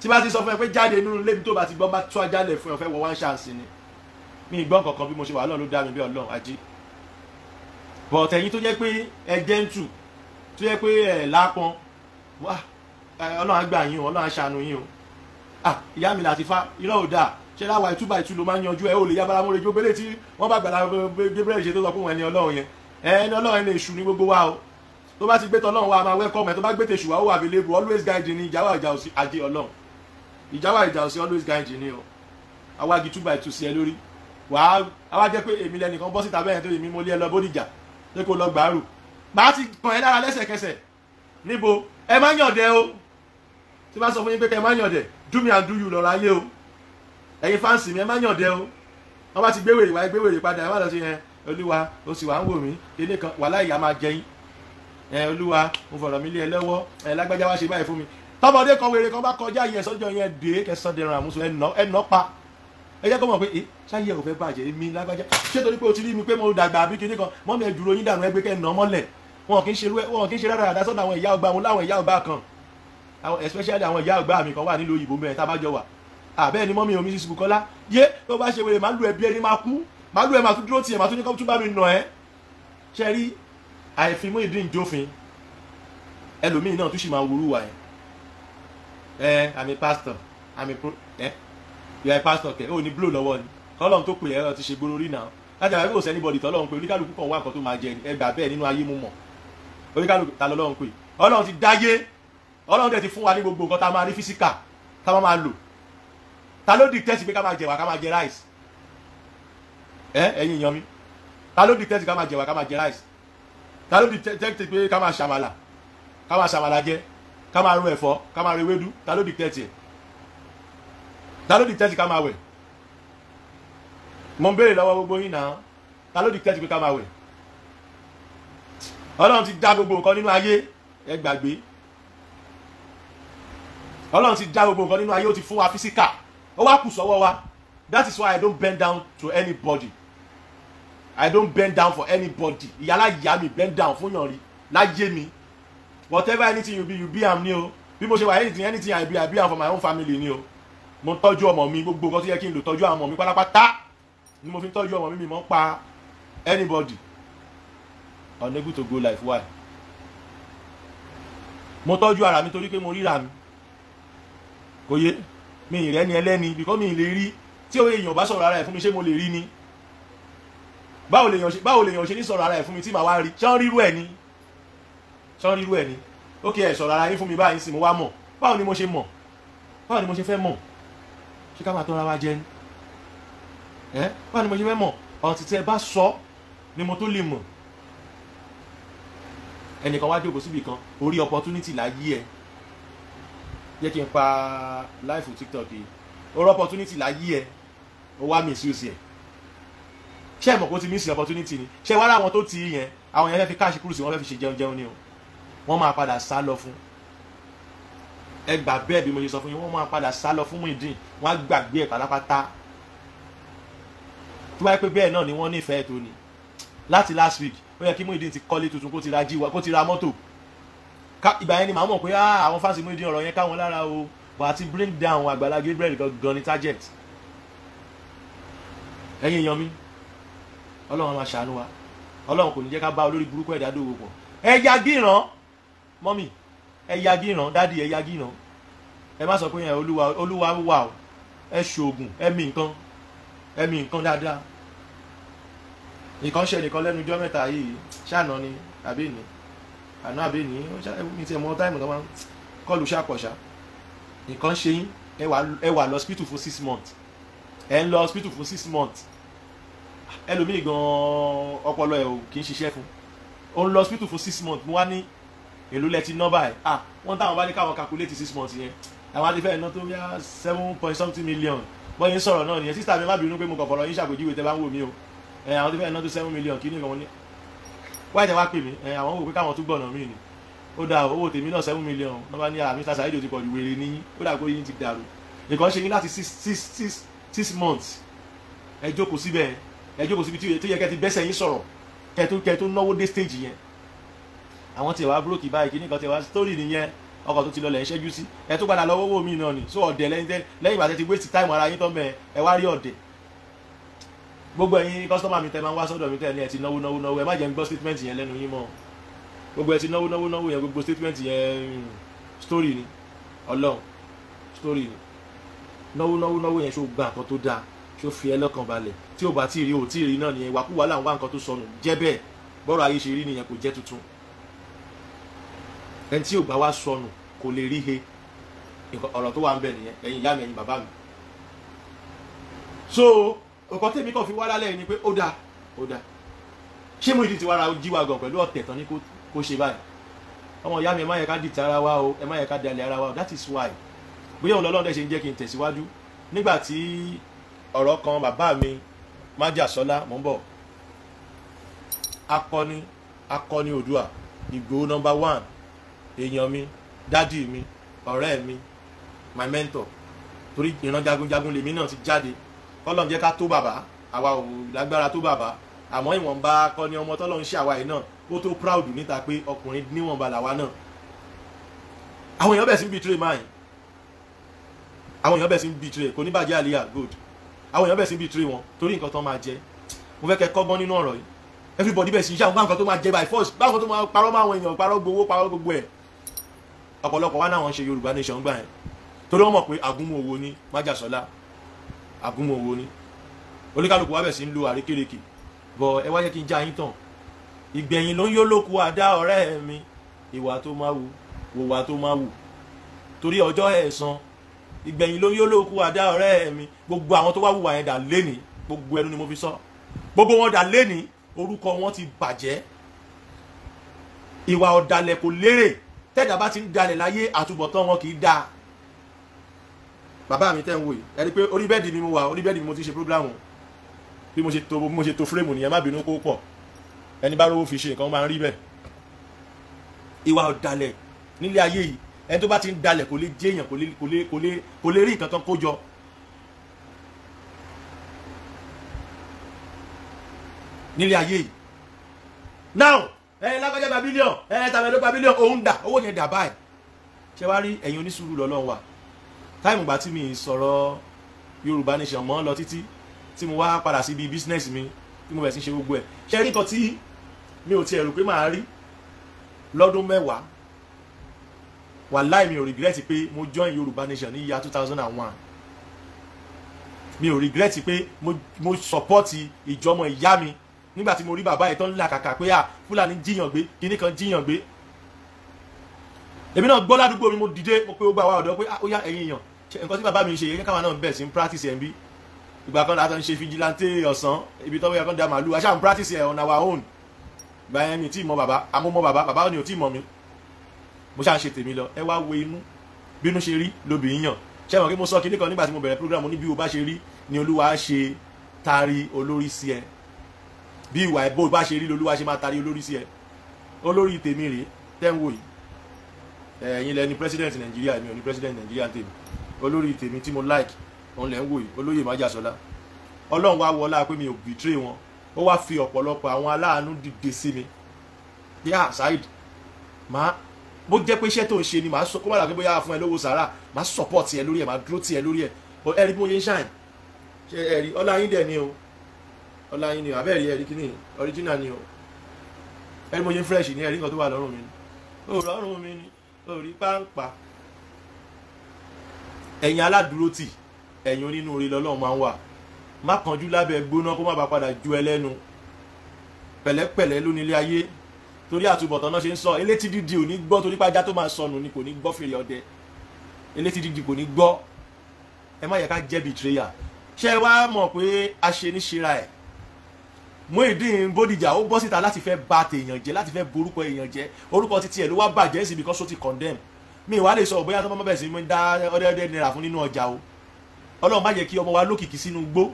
tí bá ti sọ fún ẹ pé jáde nínú ilé mi tó bá ti gbọ́ bá tú ajálẹ̀ fún ẹ fẹ́ wọ one chance ni mi gbọ́n kankan bí mo ṣe wà lọ́run ló dá mi bí ọlọ́run ajé but ẹ̀yin tó jẹ́ pé ẹ gentle tó jẹ́ pé ẹ lápọn wá ọlọ́run á yín o ọlọ́run á yín o ah ìyá mi láti fa irọ́ ò dáa ṣe láwa ìtú bá ìtú ló máa ń yanjú ẹ ò lè yá bára mọ́rẹ́jú obìnrin tí wọ́n bá gbàlá eh, Gabriel ṣe tó sọ fún ẹni ọlọ́run yẹn ẹni ọlọ́run lè ṣù ní gbogbo wa o available always guide ní ìjà wà ìjà òsì ajé ọlọ́run ìjáwá ìjà òsì always guide you ni o àwa gi two by two sí ẹ lórí wàá àwa jẹ́ pé èmi lẹ́nìkan bọ́ síta bẹ́ẹ̀ tó èmi mo lé ẹ lọ bódìjà pé kó lọ gbàárù màá ti kàn ẹ́ lára lẹ́sẹ̀kẹsẹ̀ níbo ẹ má yànjẹ o tí bá sọ fún yín pé ẹ má yànjẹ do me and do you lọ́ra ayé o ẹ̀yin fáǹsì mi ẹ má yànjẹ o wọ́n bá ti gbé wèrè wáyé gbé wèrè padà ẹ má lọ sí yẹn olúwa o sì wá ń wò mí ilé kan wàhálà ìyá máa jẹyìn ẹ olúwa mo fọ̀rọ̀ mi lé ẹ lọ́wọ́ ẹ lágbájá wá ṣe báyìí fún mi tọmọdé kan wèrè kan bá kọjá yẹn sọjọ yẹn dé kẹsàn dẹrùn àmúso ẹnà ẹnà pa ẹ jẹ́ kó mọ̀ pé ẹ ṣáyẹ ò fẹ́ bàjẹ́ mi lágbájá ṣé torí pé o ti rí mi pé mo dàgbà àbí kinní kan mọ́mí ẹ dúró yín dànù ẹgbẹ́ kẹ́ nà mọ́lẹ̀ wọn kì í ṣe wọn kì í ṣe rárá àdá àwọn ìyá ọgbà wọn láwọn ìyá ọgbà kan especially àwọn ìyá ọgbà mi kan wà nílùú òyìnbó mẹ́rin tábàjọ wà ni mọ́mí omi sísun kọ́lá yé tó bá ṣe wèrè màá lu ẹbí ẹni máa kú màá lu ẹ màá tún dúró tiẹ̀ màá tún ní kọ́ tún bá mi ẹ eh, àmì pastor. àmì pro ẹ eh? you are a pastor kẹ ó ní blow lọ́wọ́ ni kọ́lọ́n tó pè ẹ́ ọ ti ṣe gbóró rí náà láti àwọn ẹgbẹ́ òsẹ́ni bọ̀dì tọ́lọ́run pé oníkálukú kan wá nǹkan tó máa jẹ ẹ gbà bẹ́ẹ̀ nínú ayé mú mọ̀ oníkálukú ta lọ́lọ́run pé ọlọ́run ti dáyé ọlọ́run tẹ̀ ti fún wa ní gbogbo nǹkan tá a máa rí físíkà tá a máa lò ta ló dictate pé ká máa jẹ̀wà ká máa jẹ rice ẹ eh, ẹ̀yin yan mi ta ló dictate ká máa jẹ̀wà ká máa jẹ rice ta ló dictate pé ká máa ṣàmàlà ká máa ṣàmàlà jẹ ká máa ro ẹ̀fọ́ ká máa ro ewédú ta ló dìtẹ́tì ẹ̀ ta ló dìtẹ́tì ká máa wẹ̀ mo ń béèrè lọ́wọ́ gbogbo yín náà ta ló dìtẹ́tì pé ká máa wẹ̀ ọlọ́run ti dá gbogbo nǹkan nínú ayé ẹ gbàgbé ọlọ́run ti dá gbogbo nǹkan nínú ayé ó ti fún wa físíkà ó wá kù sọ́wọ́ wa that is why i don't bend down to anybody i don't bend down for anybody ìyálà ìyá mi bend down fún yàn rí láyé mi whatever anything you be you be am ni o bí mo ṣe wà anything anything i be i be am for my own family ni o mo ń tọ́jú ọmọ mi gbogbo nǹkan tó yẹ kí n lò tọ́jú àwọn ọmọ mi pátápátá ni mo fi ń tọ́jú ọmọ mi mi mọ́ pa anybody unable to go life why mo tọ́jú ara mi torí pé mo ríra mi kò yé mi ì rẹ́ni ẹlẹ́ni bìkọ́ mi ì lè rí tí òye èèyàn bá sọ̀rọ̀ ara ẹ̀ fún mi ṣé mo lè rí ni báwo lèèyàn ṣe ní sọ̀rọ̀ ara ẹ̀ fún mi tí màá wá rí ṣé wọ́n rírú ẹ̀ ni sọ́rí irú ẹ̀ ni ó kí ẹ sọ̀rọ̀ ara yín fún mi báyìí sì mo wá mọ̀ báwo ni mo ṣe mọ̀ báwo ni mo ṣe fẹ́ mọ̀ ṣé ká máa tọ́ra wa jẹ ni ẹ báwo ni mo ṣe fẹ́ mọ̀ ọ̀tí tẹ́ ẹ bá sọ ni mo tó lè mọ̀ ẹnìkan wá jókòó síbì kan orí opportunity là yí ẹ jẹ́ kí n pa live tiktok yìí orí opportunity là yí ẹ ó wá mi sí òsì ẹ̀ ṣé ẹ mọ̀ kó ti miss opportunity ni ṣé wàá rà àwọn tó ti yẹn àwọn yẹn fẹ́ fi káàṣì kúrò sí wọn fẹ́ fi ṣe jẹun jẹun ni o wọ́n máa padà sá lọ fún ẹ gbà bẹ́ẹ̀ bí mo ṣe sọ fún yín wọ́n máa padà sá lọ fún Muyideen wọ́n á gbàgbé ẹ̀ pátápátá tó bá yẹ pé bẹ́ẹ̀ náà ni wọ́n nífẹ̀ẹ́ tó ni láti last week ó yẹ kí Muyideen ti kọ́lé tuntun kó ti ra jíwa kó ti ra mọ́tò ìgbà yẹn ni màá mọ̀ pé ah, àwọn fásitì Muyideen ọ̀rọ̀ yẹn káwọn lára o but àti bring down Àgbàlá Gabriel gan ni target ẹ̀yin èèyàn mi Ọlọ́run máa ṣàánú wa Ọlọ́run kò ní jẹ́ ká bá olórí burúkú ẹ̀dá dòwò pọ̀ ẹ̀yà gbìràn mọ́mì ẹ yagi ìran dádì ẹ yagi ìran ẹ má sọ pé ẹ olúwa olúwa wà o ẹ ṣoògùn ẹ mi nǹkan ẹ mi nǹkan dáadáa nǹkan ṣe nìkan lẹ́nu ọjọ́ mẹ́ta yìí ṣáàná ni àbí ni àná àbí ni mi ti ẹ̀ mọ táìmù tó máa ń kọlù ṣàpọ̀ṣà nǹkan ṣe yín ẹ wà lọ hospital fún six months ẹ ń lọ hospital fún six months ẹlòmíì gan ọpọlọ ẹ ò kì í ṣiṣẹ́ fún ó ń lọ hospital fún six months mo wá ní èló lẹ ti ná báyìí ah wọ́n táwọn bá ní káwọn calculate six months yẹn àwọn àti fẹ́ẹ̀ ná tó yá seven point something million bọ́yìn sọ̀rọ̀ náà nìyẹn sísá mi má bínú pé mo kàn fọ̀rọ̀ yín ṣàpèjúwe tẹ́ bá ń wò mí o àwọn àti fẹ́ẹ̀ ná tó seven million kí ni ìgbà wọn ní wáyé tẹ́ wá pè mí àwọn wò pé káwọn tún gbọ̀nà mí ni ó dà owó tèmi náà seven million wọ́n bá ní àmì Mr. Saheed ti pọ̀ ju wèrè níyìn ó dà pé yín ti dàrú nǹkan ṣe yín láti six six six six months ẹ jókòó síbẹ̀ ẹ jókòó síbi tó yẹ kẹ́ ti bẹ́sẹ̀ yín sọ̀rọ̀ kẹ́ tó kẹ́ tó náwó dé stage yẹn àwọn tí wàá búlòkì báyìí kí nìkan tí wàá sítórì nìyẹn ọkọ̀ tó ti lọ lẹ̀ ń ṣẹ́jú sí ẹ tó padà lọ wọ́wọ́ mi náà ni so ọ̀dẹ̀ lẹ́yìn lẹ́yìn ìgbà tẹ́ ti waste time ara yín tán mẹ́ ẹ wá rí ọ̀dẹ̀ gbogbo ẹ̀yin kọ́sítọ́mà mi tẹ́ máa ń wá sọ́dọ̀ mi tẹ́ ní ẹ ti náwó náwó náwó ẹ má jẹ́ ń gbọ́ statement yẹn lẹ́nu yín mọ́ gbogbo ẹ ti náwó náwó náwó yẹn gbogbo statement yẹn hmm, story ni ọlọ́run story ni náwó náwó náwó yẹn ṣó gba nǹkan tó dáa ṣó fi ẹ lọ́kàn balẹ̀ tí ò bá tí ì rí ò tí ì rí náà nìyẹn ìwàkúwà là wá nǹkan tó sọnù jẹ́ bẹ́ẹ̀ bọ́rọ̀ ayé ṣe rí nìyẹn kò jẹ́ tuntun ẹni tí yóò bá wá sọnù kò lè rí he ọ̀rọ̀ tó wà ń bẹ nìyẹn ẹ̀yin ìyá mi ẹ̀yin bàbá mi so ọkọ tèmi kàn fi wá lálẹ́ ni pé ó dáa ó dáa ṣé mo ìdí ti wára jíwa gan pẹ̀lú ọ̀tẹ̀ tán ní kó ṣe báyìí ọmọ ìyá mi ẹ má yẹ ká dìtẹ̀ ara wa o ẹ má yẹ ká dalẹ̀ ara wa o that is why bóyá òun lọ́lọ́dẹ ṣe ń jẹ́ kí n tẹ̀síwájú nígbà tí ọ̀rọ̀ kan bàbá mi májàsọ́lá mò ń bọ̀ akọni akọni Oòduà Ìgbòho number one èèyàn mi dádì mi ọ̀rẹ́ mi my mentor torí ìran jagunjagun lèmi náà ti jáde kọ́lọ́n jẹ́ ká tó bàbá àwa ò lágbára tó bàbá àmọ́ ìwọ̀nba kọ́ ni ọmọ tọ́lọ́ ń ṣe àwa yìí náà ó tó proud níta pé ọkùnrin níwọ̀nba làwa náà àwọn èèyàn bẹ̀ sí ń betray máa yìí àwọn èèyàn bẹ̀ sí ń betray kò ní bàjẹ́ àlíyà good àwọn èèyàn bẹ̀ sí ń betray wọn torí nǹkan tó máa jẹ mo fẹ́ kẹ́ kọ́gbọ́n nínú ọ̀rọ̀ yìí everybody bẹ̀ sí ń ṣe àwọn báńkàn tó máa jẹ by force báńkàn tó máa parọ́ máa àwọn èèyàn parọ́ gbowó parọ́ gbogbo ẹ̀ ọ̀pọ̀lọpọ̀ wa náà ṣe yorùbá nation gbà yẹn torí wọ́n mọ̀ pé agúnmu owó ni májàsọ́lá agúnmu owó ni oníkálukú wa bẹ̀ sí ń lo àrékérekè bọ̀ ẹ wá jẹ́ kí n já yín tàn ìgbẹ̀yìn ló ń yó lóku àdá ọ̀rẹ́ mi ìwà tó máa wù wòwà tó máa wù torí ọjọ́ ẹ̀san ìgbẹ̀yìn ló ń yó lóku àdá ọ̀rẹ́ mi gbogbo àwọn tó wá wùwà yẹn dà léni gbogbo ẹnu ni mo fi sọ gbogbo wọn dà léni orúkọ wọn ti bàjẹ́ ìwà ọ̀dàlẹ̀ kò lérè tẹ́ẹ̀dá bá ti ń dalẹ̀ láyé àtúbọ̀tán wọn kì í dáa bàbá mi tẹ́ ń wò yìí ẹni pé orí bẹ́ẹ̀dì ni mo wà orí bẹ́ẹ̀dì ni mo ti ṣe programu bí mo ṣe to bí mo ṣe to fúrèmù nìyẹn má bínú kó pọ̀ ẹni bá rówó fi ṣe nǹkan máa ń rí bẹ́ẹ̀ ìwà ọ̀dàlẹ̀ nílé ayé yìí ẹni tó bá ti ń dalẹ̀ kò lè jẹ́ èèyàn kò lè kò lè kò lè kò lè rí nǹkan tán kó nílé ayé yìí now ẹ eh, lágbájá gba bílíọ̀n ẹ tàbí ló gba bílíọ̀n òun dà owó yẹn dà báyìí ṣé wàá rí ẹ̀yin onísùúrù lọ́lọ́run wà táìmù gbà tí mi sọ̀rọ̀ Yorùbá nation mọ́ lọ títí tí mo wá padà sí ibi bísínẹ́sì mi tí mo bẹ̀ sí ṣe gbogbo ẹ̀ ṣe rí nǹkan tí mi ò tiẹ̀ rò pé màá rí lọ́dún mẹ́wàá wàláì mi ò regret pé mo join Yorùbá nation ní year two thousand and one mi ò regret pé mo support ìjọmọ ìyá mi nígbà tí mo rí bàbá yìí tán ńlá kàkà pé à ah, fúlàní jiyàn gbé kinní kan jiyàn gbé èmi náà gbọ́ ládùúgbò mi mo dìde mo pé ó gba àwa ọ̀dọ́ pé ah, ó yá ẹ̀yin èèyàn nǹkan tí bàbá mi ń ṣe yẹ káwa náà bẹ̀ sí ń practice ẹ̀ ń bí ìgbà kan láti ṣe fijilante ọ̀sán ibi tọ́wọ́ yẹn kan da màlúù aṣáà ń practice ẹ̀ on our own ìgbà yẹn mi ò tí ì mọ bàbá àmọ́ mọ bàbá bàbá ni ò tí ì mọ mi mo ṣáà ń ṣe tèmi lọ ẹ wá wo inú bínú ṣe rí lóbi yíyan ṣé mo kí mo sọ kinní kan nígbà tí mo bẹ̀rẹ̀ program mo ní bí bá ṣe rí ni olúwa ṣe taari olórí sí ẹ bí ìwà ẹ̀bùn ìbá ṣe rí lolúwa ṣe máa tarí olórí sí ẹ olórí tèmi rèé tẹ́ ń wò yìí ẹ̀yin lẹni president nàìjíríà mi ò ní president nàìjíríà tèmi olórí tèmi tí mo like òun lẹ́ ń wò yìí olóyè májàsọ́lá ọlọ́run wá wọlá pé mi ò bìtírè wọn ó wá fi ọ̀pọ̀lọpọ̀ àwọn aláàánú dìde sí mi yá ah, Saheed máa bó jẹ́ pé iṣẹ́ tó ń ṣe ni màá kó má dàgbé bóyá support ẹ lórí ẹ màá dúró tì ẹ lórí ẹ ẹ̀rí bóyá ń ṣàyìn ẹ̀rí ọlá yín ni o abẹ́rẹ́ ẹ̀rí kìíní original ni o ẹni mo ṣe fresh ní ẹ̀rí kan tó wà lọ́rùn mi ni òòrùn ọ̀rùn mi ni òòrí páńpá ẹ̀yin aládùúró tì ẹ̀yin onínúure lọ́lọ́run máa ń wà má kánjú lábẹ́ gbóná kó má bàa padà ju ẹlẹ́nu pẹ̀lẹ́pẹ̀lẹ́ ló nílé ayé torí àtúbọ̀tán náà ṣe ń sọ elétí dídì ò ní gbọ́ torí pàjá tó máa sọnù ni kò ní gbọ́ fèrè ọdẹ elétí dídì kò ní gbọ́ ẹ má yẹ ká jẹ́ bìtìrẹ́yà ṣé ẹ wá mọ̀ pé a ẹ̀ Muyideen Bódìjà ó bọ́ síta láti fẹ́ ba tèèyàn jẹ́ láti fẹ́ borúkọ èèyàn jẹ́ orúkọ títí ẹ̀ ló wá bàjẹ́ sí because ó ti condemn mi ìwà lè sọ bóyá tó bá bẹ̀rẹ̀ sí ń dá ọ̀dẹ́ọ̀dẹ́ náírà fún nínú ọjà o ọlọ́run má jẹ́ kí ọmọ wa lókìkí sínú gbó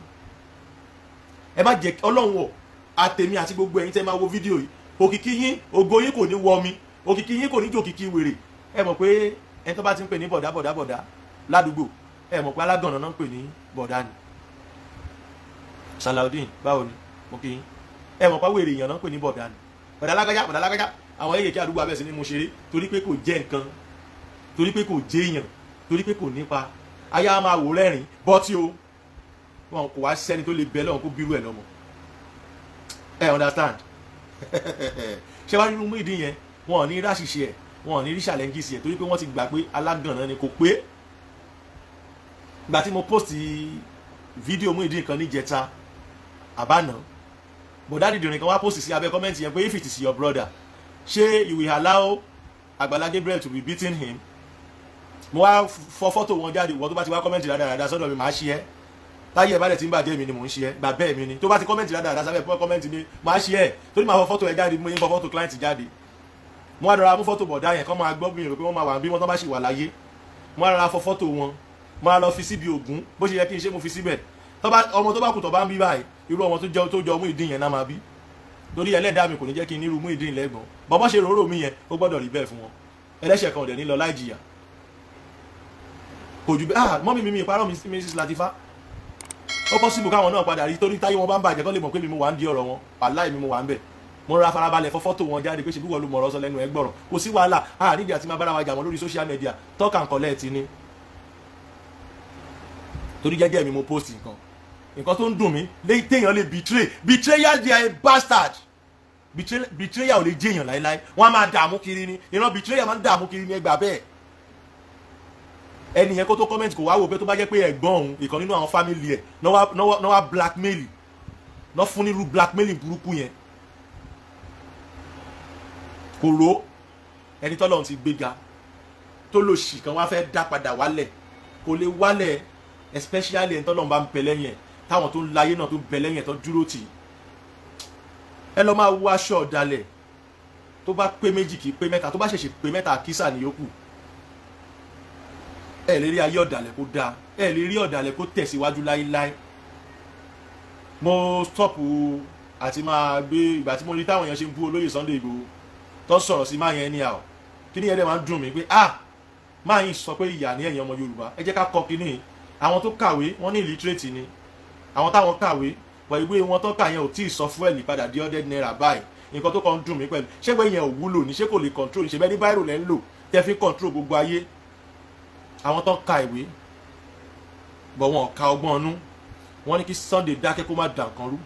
ẹ má jẹ́ ọlọ́run wọ̀ àtèmi àti gbogbo ẹ̀yin tẹ́ máa wo fídíò yìí òkìkí yín ògo yín kò ní wọ mi òkìkí yín kò ní jòkìkí wèrè ẹ mọ̀ pé ẹni tó bá ti ń pè ní bọ̀dá bọ̀dá bọ̀dá ládùúgbò ẹ mọ̀ pé alágànnà náà ń pè ní bọ̀dá ni Salaudeen báwo ni mo kì í ẹ mọ̀ pàwọ́ èrè èèyàn náà pè ní bọ̀dà ni bọ̀dà lágbájá bọ̀dà lágbájá àwọn èyíkè àdúgbò abẹ́sẹ̀ ni mo ṣeré torí pé kò jẹ́ nǹkan torí pé kò jẹ́ èèyàn torí pé kò nípa ayé a máa wò rẹ́rìn bọ́ tí o wọn kò wá sẹ́ni tó lè bẹ́ lọ́wọ́ kó bírú ẹ̀ lọ́mọ ẹ understand ṣé wàá nínú mú ìdí yẹn wọn ò ní rí àṣìṣe ẹ wọn ò ní rí challenges ẹ torí pé wọ́n ti gbà pé alágànná ni kò pé ìgbà tí mo post fídíò mú ìdí nǹkan níjẹta àbánà bọ̀dá dìdìrín kan wá post sí abẹ́ kọ́mẹ́ǹtì yẹn but if it is your brother ṣé you will allow Agbala Gabriel to be beating him mo wá fọ fọ́tò wọn jáde wọ́n tó bá ti wá kọ́mẹ́ǹtì dáadáa sọ́dọ̀ mi màá ṣe ẹ́ táyé ìbálẹ̀ tí ń bàjẹ́ mi ni mò ń ṣe ẹ́ bàbá mi ni tó bá ti kọ́mẹ́ǹtì dáadáa sábẹ́ pọ́ kọ́mẹ́ǹtì mi màá ṣe ẹ́ torí màá fọ fọ́tò ẹ jáde mo yín fọ fọ́tò client jáde mo wá dọ̀ra mú fọ́tò bọ̀dá yẹn kọ́ máa gbọ́ mi rò pé wọ́n máa wà bí wọ́n tó bá ṣì wà láyé mo rà fọ fọ́tò wọn mo lọ fi síbi ògún bó ṣe yẹ kí n ṣe mo fi síbẹ̀ ọmọ tó bá kù tó bá ń bí báyìí irú ọmọ tó jẹ́ tó jọ Muyideen yẹn náà máa bí torí ẹlẹ́dàá mi kò ní jẹ́ kí n nírú Muyideen lẹ́gbọ̀n bọ́bọ́ ṣe ròórò mi yẹn ó gbọ́dọ̀ rí bẹ́ẹ̀ fún wọn ẹlẹ́ṣẹ̀ kan ọ̀dẹ̀ ní lọ láì jìyà kò jù bẹ́ẹ̀ ah mọ́mí mi mi ìparọ́ mi Mrs Latifa ó pọ́ síbù káwọn náà padà rí torí táyé wọn bá ń bàjẹ́ kọ́ lè mọ̀ pé mi mo wà ń di ọ̀rọ̀ wọn wàláì mi mo wà ń bẹ̀ mo rọra farabalẹ̀ fọ́ fọ́tò wọn jáde pé ṣe búwọ̀ ló mọ̀ ọ̀rọ̀ sọ lẹ́nu ẹ̀ gbọ̀rọ̀ kò sí wàhálà a nídìí àti máa bára wa jà wọn lórí social media talk and collect ni torí jẹ́jẹ́ mi mo post nǹkan nǹkan tó ń dùn mí léyìí téèyàn lè betray betrayal they are a bastard betrayal ò lè jẹyàn láéláé wọn á máa dààmú kiri ni ìran betrayal máa ń dààmú kiri ni ẹgbàá bẹ́ẹ̀ ẹnìyẹn kó tó comment kò wá wò pé tó bá jẹ́ pé ẹ̀gbọ́n òun ìkan nínú àwọn family ẹ̀ náà wá blackmail náà fún nírú blackmailing burúkú yẹn kò ró ẹni tọ́lọ́run ti gbéga tó lò sì kan wá fẹ́ dá padà wálẹ̀ kò lè wálẹ̀ especially ẹni tọ́lọ́run bá ń pẹ lẹ́yìn ẹ̀ táwọn tó ń láyé náà tó ń bẹ lẹ́yìn ẹ̀ tó ń dúró tì í ẹ lọ máa wo aṣọ ọ̀dàlẹ̀ tó bá pé méjì kì í pé mẹ́ta tó bá ṣẹ̀ṣẹ̀ pé mẹ́ta kísà ní yòókù ẹ lè rí ayé ọ̀dàlẹ̀ kó dáa ẹ lè rí ọ̀dàlẹ̀ kó tẹ̀síwájú láéláé mo stọ́pù àti máa gbé ìgbà tí mo rí táwọn èèyàn ṣe ń bú olóyè Sunday Igboho tó sọ̀rọ̀ sí máa yẹn ní àwọ̀ kí ni ẹ̀rẹ́ máa ń dùn mí pé ah máa yín sọ pé ìyà ní ẹ̀yìn ọmọ Yorùbá ẹ jẹ́ ká kọ́ kínní àwọn tó kàwé wọ́n ní ìlítírèètì ni àwọn táwọn kàwé pọ̀ ìwé wọn tó kà yẹn ò tí ì sọ fúẹ̀lì padà di ọ̀dẹ̀ náírà báyìí nǹkan tó kàn ń dùn mí pẹ̀lú ṣẹ́gbẹ́ yẹn ò wúlò ní ṣé kò lè control ṣe bẹ́ẹ̀ ní báírò lẹ́ ń lò tẹ́ fi control gbogbo ayé àwọn tó ka ìwé bọ̀ wọn ka ọgbọ́n ọnú wọn ní kí Sunday dákẹ́ kó má da nǹkan rú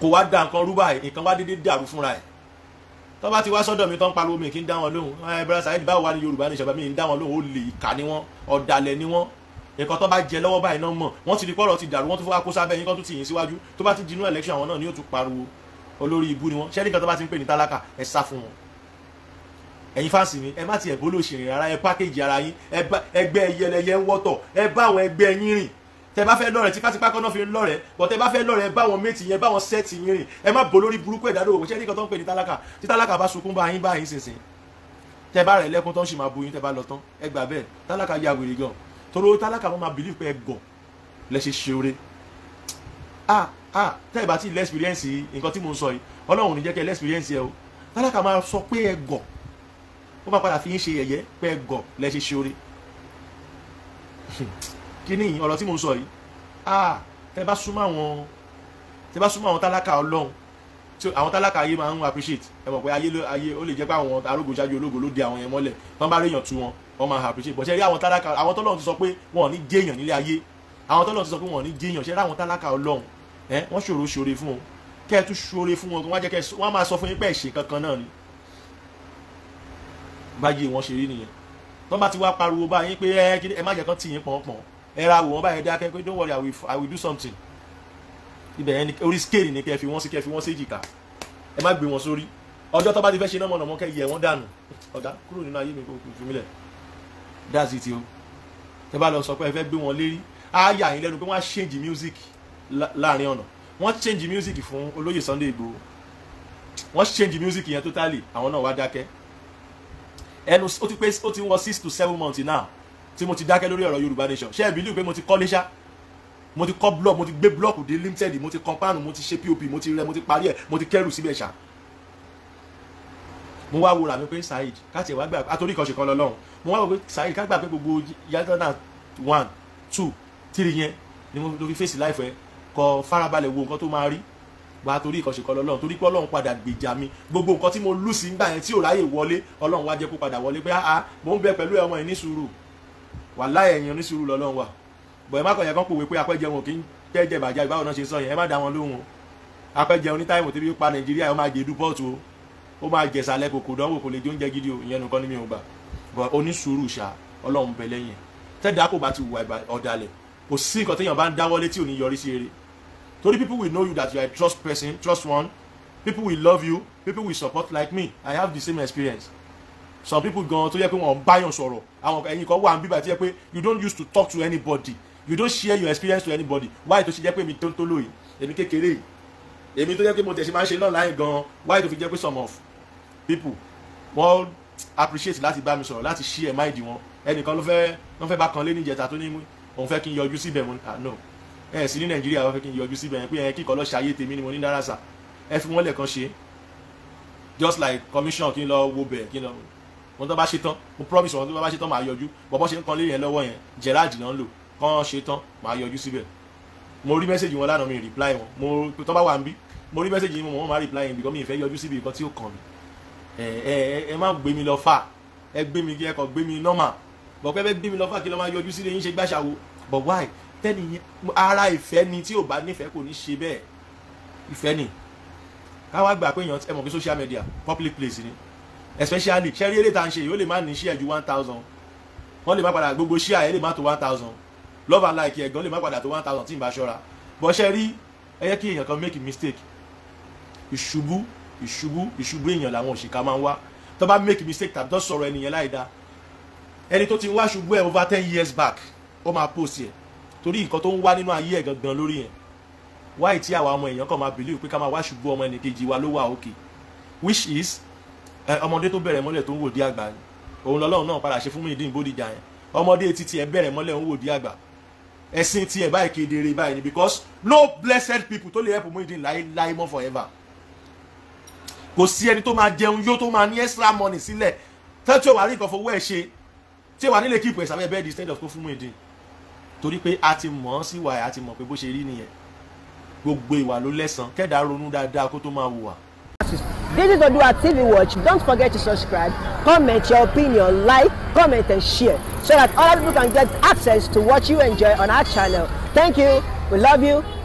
kò wá da nǹkan rú báyìí nǹkan wá déédéé dàrú fúnra ẹ̀ tó bá ti wá sọ́dọ̀ mi tó ń pariwo kí n dá wọn lóhùn eh, ẹ brother Saheed báwo wá ní Yorùbá ní ìṣọ̀bá mi ń dá wọn lóhùn ó lè ìkà ni wọ́n ọ̀dàlẹ̀ ni wọ́n ẹ̀kọ́ tó bá jẹ lọ́wọ́ báyìí náà mọ̀ wọ́n ti rí pọ́rọ̀ ti dàrú wọ́n tó fọwọ́ kó sábẹ́ yín kan tó ti yìn síwájú tó bá ti dinú election àwọn náà ni yóò tún pariwo olórí ibú ni wọ́n ṣẹ́ nìkan tó bá ti ń pè ní tálákà ẹ sá fún wọn. ẹ̀yin fáǹsì mi ẹ má ti ẹ̀bọ́ lóṣèré rárá ẹ pákéjì ara yín ẹgbẹ́ ẹyẹlẹyẹ ń wọ́tọ̀ ẹ bá àwọn ẹgbẹ́ yín rìn tẹ bá fẹ́ lọ́rẹ̀ tipátipá kọ́nà fi ń lọ́rẹ̀ bọ̀ tẹ bá fẹ́ lọ́rẹ̀ báwọn méjì yẹn báwọn sẹ́ẹ̀tì yín rìn ẹ má bò lórí burúkú ẹ̀dá lóòwò ṣẹ́ nìkan tó ń pè ní tálákà tí tálákà bá sunkún bá yín bá yín ṣinṣin tẹ bá rẹ̀ lẹ́kún tó ń ṣì máa bu yín tẹ bá lọ tán ẹ gbà bẹ́ẹ̀ tálákà ya wèrè gan torí owó tálákà wọn máa believe pé ẹ gọ̀ lẹ ṣe ah ah tẹ́ ẹ bá ti lẹ́ experience nǹkan tí mo ń sọ yìí ọlọ́run ò ní jẹ́ kẹ́ lẹ́ experience ẹ o tálákà máa sọ pé ẹ gọ̀ ó máa padà fi ń ṣe yẹ̀yẹ́ pé ẹ gọ̀ lẹ ṣe ṣe oore kíní ọ̀rọ̀ tí mo ń sọ yìí ah tẹ́ bá súnmọ́ àwọn tẹ́ bá súnmọ́ àwọn tálákà ọlọ́run tí àwọn tálákà ayé máa ń appreciate ẹ mọ̀ pé ayé ó lè jẹ́ pé àwọn arógun ṣáájú ológo ló di àwọn yẹn mọ́lẹ̀ tán bá réèyàn tu wọn wọ́n máa appreciate bọ̀ ṣe rí àwọn tálákà àwọn tọ́lọ́run ti sọ pé wọn ò ní jẹ́yàn nílé ayé àwọn tọ́lọ́run ti sọ pé wọn ò ní jẹ́yàn ṣe rí àwọn tálákà ọlọ́run ẹ wọ́n ṣòro ṣòre fún wọn kẹ́ ẹ tún ṣòre fún wọn kí wọ́n jẹ́ kẹ́ wọ́n máa sọ fún yín pé ẹ̀ṣẹ̀ kankan náà ni báyìí wọ́n ṣe rí nìyẹn tó bá ti wá pariwo báyìí pé ẹ ẹ má jẹ́ kán tì yín pọ̀npọ̀n ẹ ra àwòrán don't worry I will, do something ibẹ̀ yẹn orí scale ni kẹ́ fi wọ́n sí kẹ́ fi wọ́n sí èjìká ẹ má gbé wọn sórí ọjọ́ tó bá ti fẹ́ ṣe náà mọ̀nàmọ́ kẹ́ yẹ wọ́n dànù ọ̀gá kúrò nínú ayé mi kò fi mílẹ̀ that's it o tẹ bá lọ sọ pé ẹ fẹ́ gbé wọn lérí á yà yín lẹ́nu pé wọ́n á change music láàrin ọ̀nà wọ́n change music fún olóyè Sunday Igboho wọ́n change music yẹn totally àwọn náà wá dákẹ́ ẹnu ó ti pé ó ti wọ six to seven months now tí mo ti dákẹ́ lórí ọ̀rọ̀ Yorùbá nation ṣé ẹ believe pé mo ti kọ́ léṣá mo ti kọ́ block mo ti gbé block dé limited mo ti kan páànù mo ti ṣe pop mo ti rẹ mo ti parí ẹ mo ti kẹ́rù síbẹ̀ ṣá mo wá wo ra mi pé Saheed káàtì ẹ̀ wá gbà àtòrí kan kan lọ lọ́hùn mo wá wọ pé sàyè ká gbà pé gbogbo yàtọ̀nà one two three yẹn ni mo fi fèsì láìfẹ́ kọ farabalẹ̀ wo nǹkan tó máa rí wàá torí ìkànṣe kan lọ́lọ́run torí pé ọlọ́run padà gbèjà mi gbogbo nǹkan tí mo lù sí nígbà yẹn tí ò ráyè wọlé ọlọ́run wá jẹ́ kó padà wọlé pé àá ah, ah, mò ń bẹ pẹ̀lú ẹ̀wọ̀n ẹ̀ ní sùúrù wà láyẹ̀ yẹn ní sùúrù lọ́lọ́run wà bọ̀ ẹ̀ má kàn yẹn kán pòwe pé apẹ́jẹ wọn kì í jẹ́jẹ́ bàjá ìbáwọ̀ náà ṣe sọ yẹn ẹ má dá wọn lóhùn o apẹ́jẹ oní táìmù tí bí pa nàìjíríà ó máa jẹ dúpọ́ọ̀tù o ó máa jẹ̀sàlẹ̀ kòkò dánwò kò lè jóúnjẹ gidi o ìyẹn nìkan ni mi ò gbà but onísùúrù ṣá ọlọ́run bẹ lẹ́yìn tẹ́dá kò bá ti wà ọ̀dàlẹ̀ kò sí nǹkan téèyàn bá ń dáwọ́lé tí ò ní yọrí sí rere torí people will know you that you are a trust person trust one people will love you people will support like me i have the same experience some people gan tó yẹ pé wọn báyọ̀ sọ̀rọ̀ àwọn ẹ̀yin kan wà ń bíbà tí yẹ pé you don't use to talk to anybody you don't share your experience to anybody why tó ṣe jẹ́ pé èmi tó ń tó lóye èmi kékeré yìí èmi tó yẹ pé mo tẹ̀sí máa ń ṣe náà láyìn gan why tó fi jẹ́ pé some of people wọ́n appreciate láti bá mi sọ̀rọ̀ láti ṣí ẹ̀ máìdì wọn ẹnìkan ló fẹ́ ló fẹ́ bá kan lé níjẹta tó ní òun fẹ́ kí n yọjú síbẹ̀ mo ah no ẹ sì ní nàìjíríà wọ́n fẹ́ kí n yọjú síbẹ̀ yẹn pé ẹ kíkọ́ lọ́ọ́ ṣayé tèmi ni mo ní dára sà ẹ fi wọ́n lẹ̀kan ṣe just like commission kí n lọ wo bẹ̀ kí n lọ wọn tó bá ṣe tán mo promise wọn tó bá ṣe tán máa yọjú bọ̀bọ́ ṣe ń kan lé yẹn lọ́wọ́ yẹn gerald náà ń lò kán ṣe tán máa yọjú síbẹ̀ mo rí mẹ́sẹ̀gì wọn lánàá mi reply wọn mo tó bá wà ń bí mo rí mẹ́sẹ̀gì wọn mo máa reply yẹn because mi ì yọjú síbi nǹkan tí ó kàn mí ẹ ẹ ẹ má gbé mi lọ fà ẹ gbé mi kí ẹ kọ gbé mi nọ́mà bọ̀ pé ẹ gbé mi lọ fà kí lọ́ máa yọjú sílé yín ṣe gbàṣàwò but why tẹ́ni ara ìfẹ́ ni tí ò bá nífẹ̀ẹ́ kò ní ṣe bẹ́ẹ̀ ìfẹ́ ni káwá gbà pé èèyàn ẹ mọ̀ pé social media public place ni especially ṣẹ́rí eré tá à ń ṣe yìí ó lè má ní ṣíà ju one thousand wọ́n lè má padà gbogbo ṣíà ẹ̀ lè má tó one thousand love and like ẹ̀gán lè má padà tó one thousand tí ì bá ṣọ́ra bọ́ ṣẹ́rí ẹ yẹ kí èèyàn kan make a mistake ìṣubú ìṣubú ìṣubú èèyàn làwọn òṣìkà máa ń wá tó bá make mistake tàbí tó sọ̀rọ̀ ẹnìyẹn láì dáa ẹni tó ti wá ṣubú ẹ̀ over ten years back ó máa post ẹ̀ torí nǹkan tó ń wá nínú ayé ẹ̀ gangan lórí yẹn wáyé tí àwa ọmọ èèyàn kan máa believe pé ká máa wá ṣubú ọmọ ẹnìkejì wa ló wà òkè which is ọmọdé tó bẹ̀rẹ̀ mọ́lẹ̀ tó ń wò di àgbà ni òun lọ́lọ́run náà padà ṣe fún Muyideen Bódìjà yẹn ọmọdé títí ẹ bẹ̀rẹ̀ mọ́lẹ̀ ń wò di àgbà ẹ̀sìn tiẹ̀ báyìí kedere báyìí ni because no blessed people tó lè help Muyideen láéláé mọ́ forever kò sí ẹni tó máa jẹun yó tó máa ní extra money sílẹ̀ tán tí ò wá rí nǹkan fowó ẹ̀ ṣe tí ò wá nílé kíìpù ẹ̀ sábẹ́ bẹ́ẹ̀ di stand up kó fún Muyideen torí pé a ti mọ̀ ọ́n síwà ẹ̀ a ti mọ̀ pé bó ṣe rí nìyẹn gbogbo ìwà ló lẹ́san kẹ́dà ronú dáadáa kó tó máa hùwà. This is Odua TV Watch. Don't forget to subscribe, comment your opinion, like, comment and share so that other people can get access to what you enjoy on our channel. Thank you. We love you.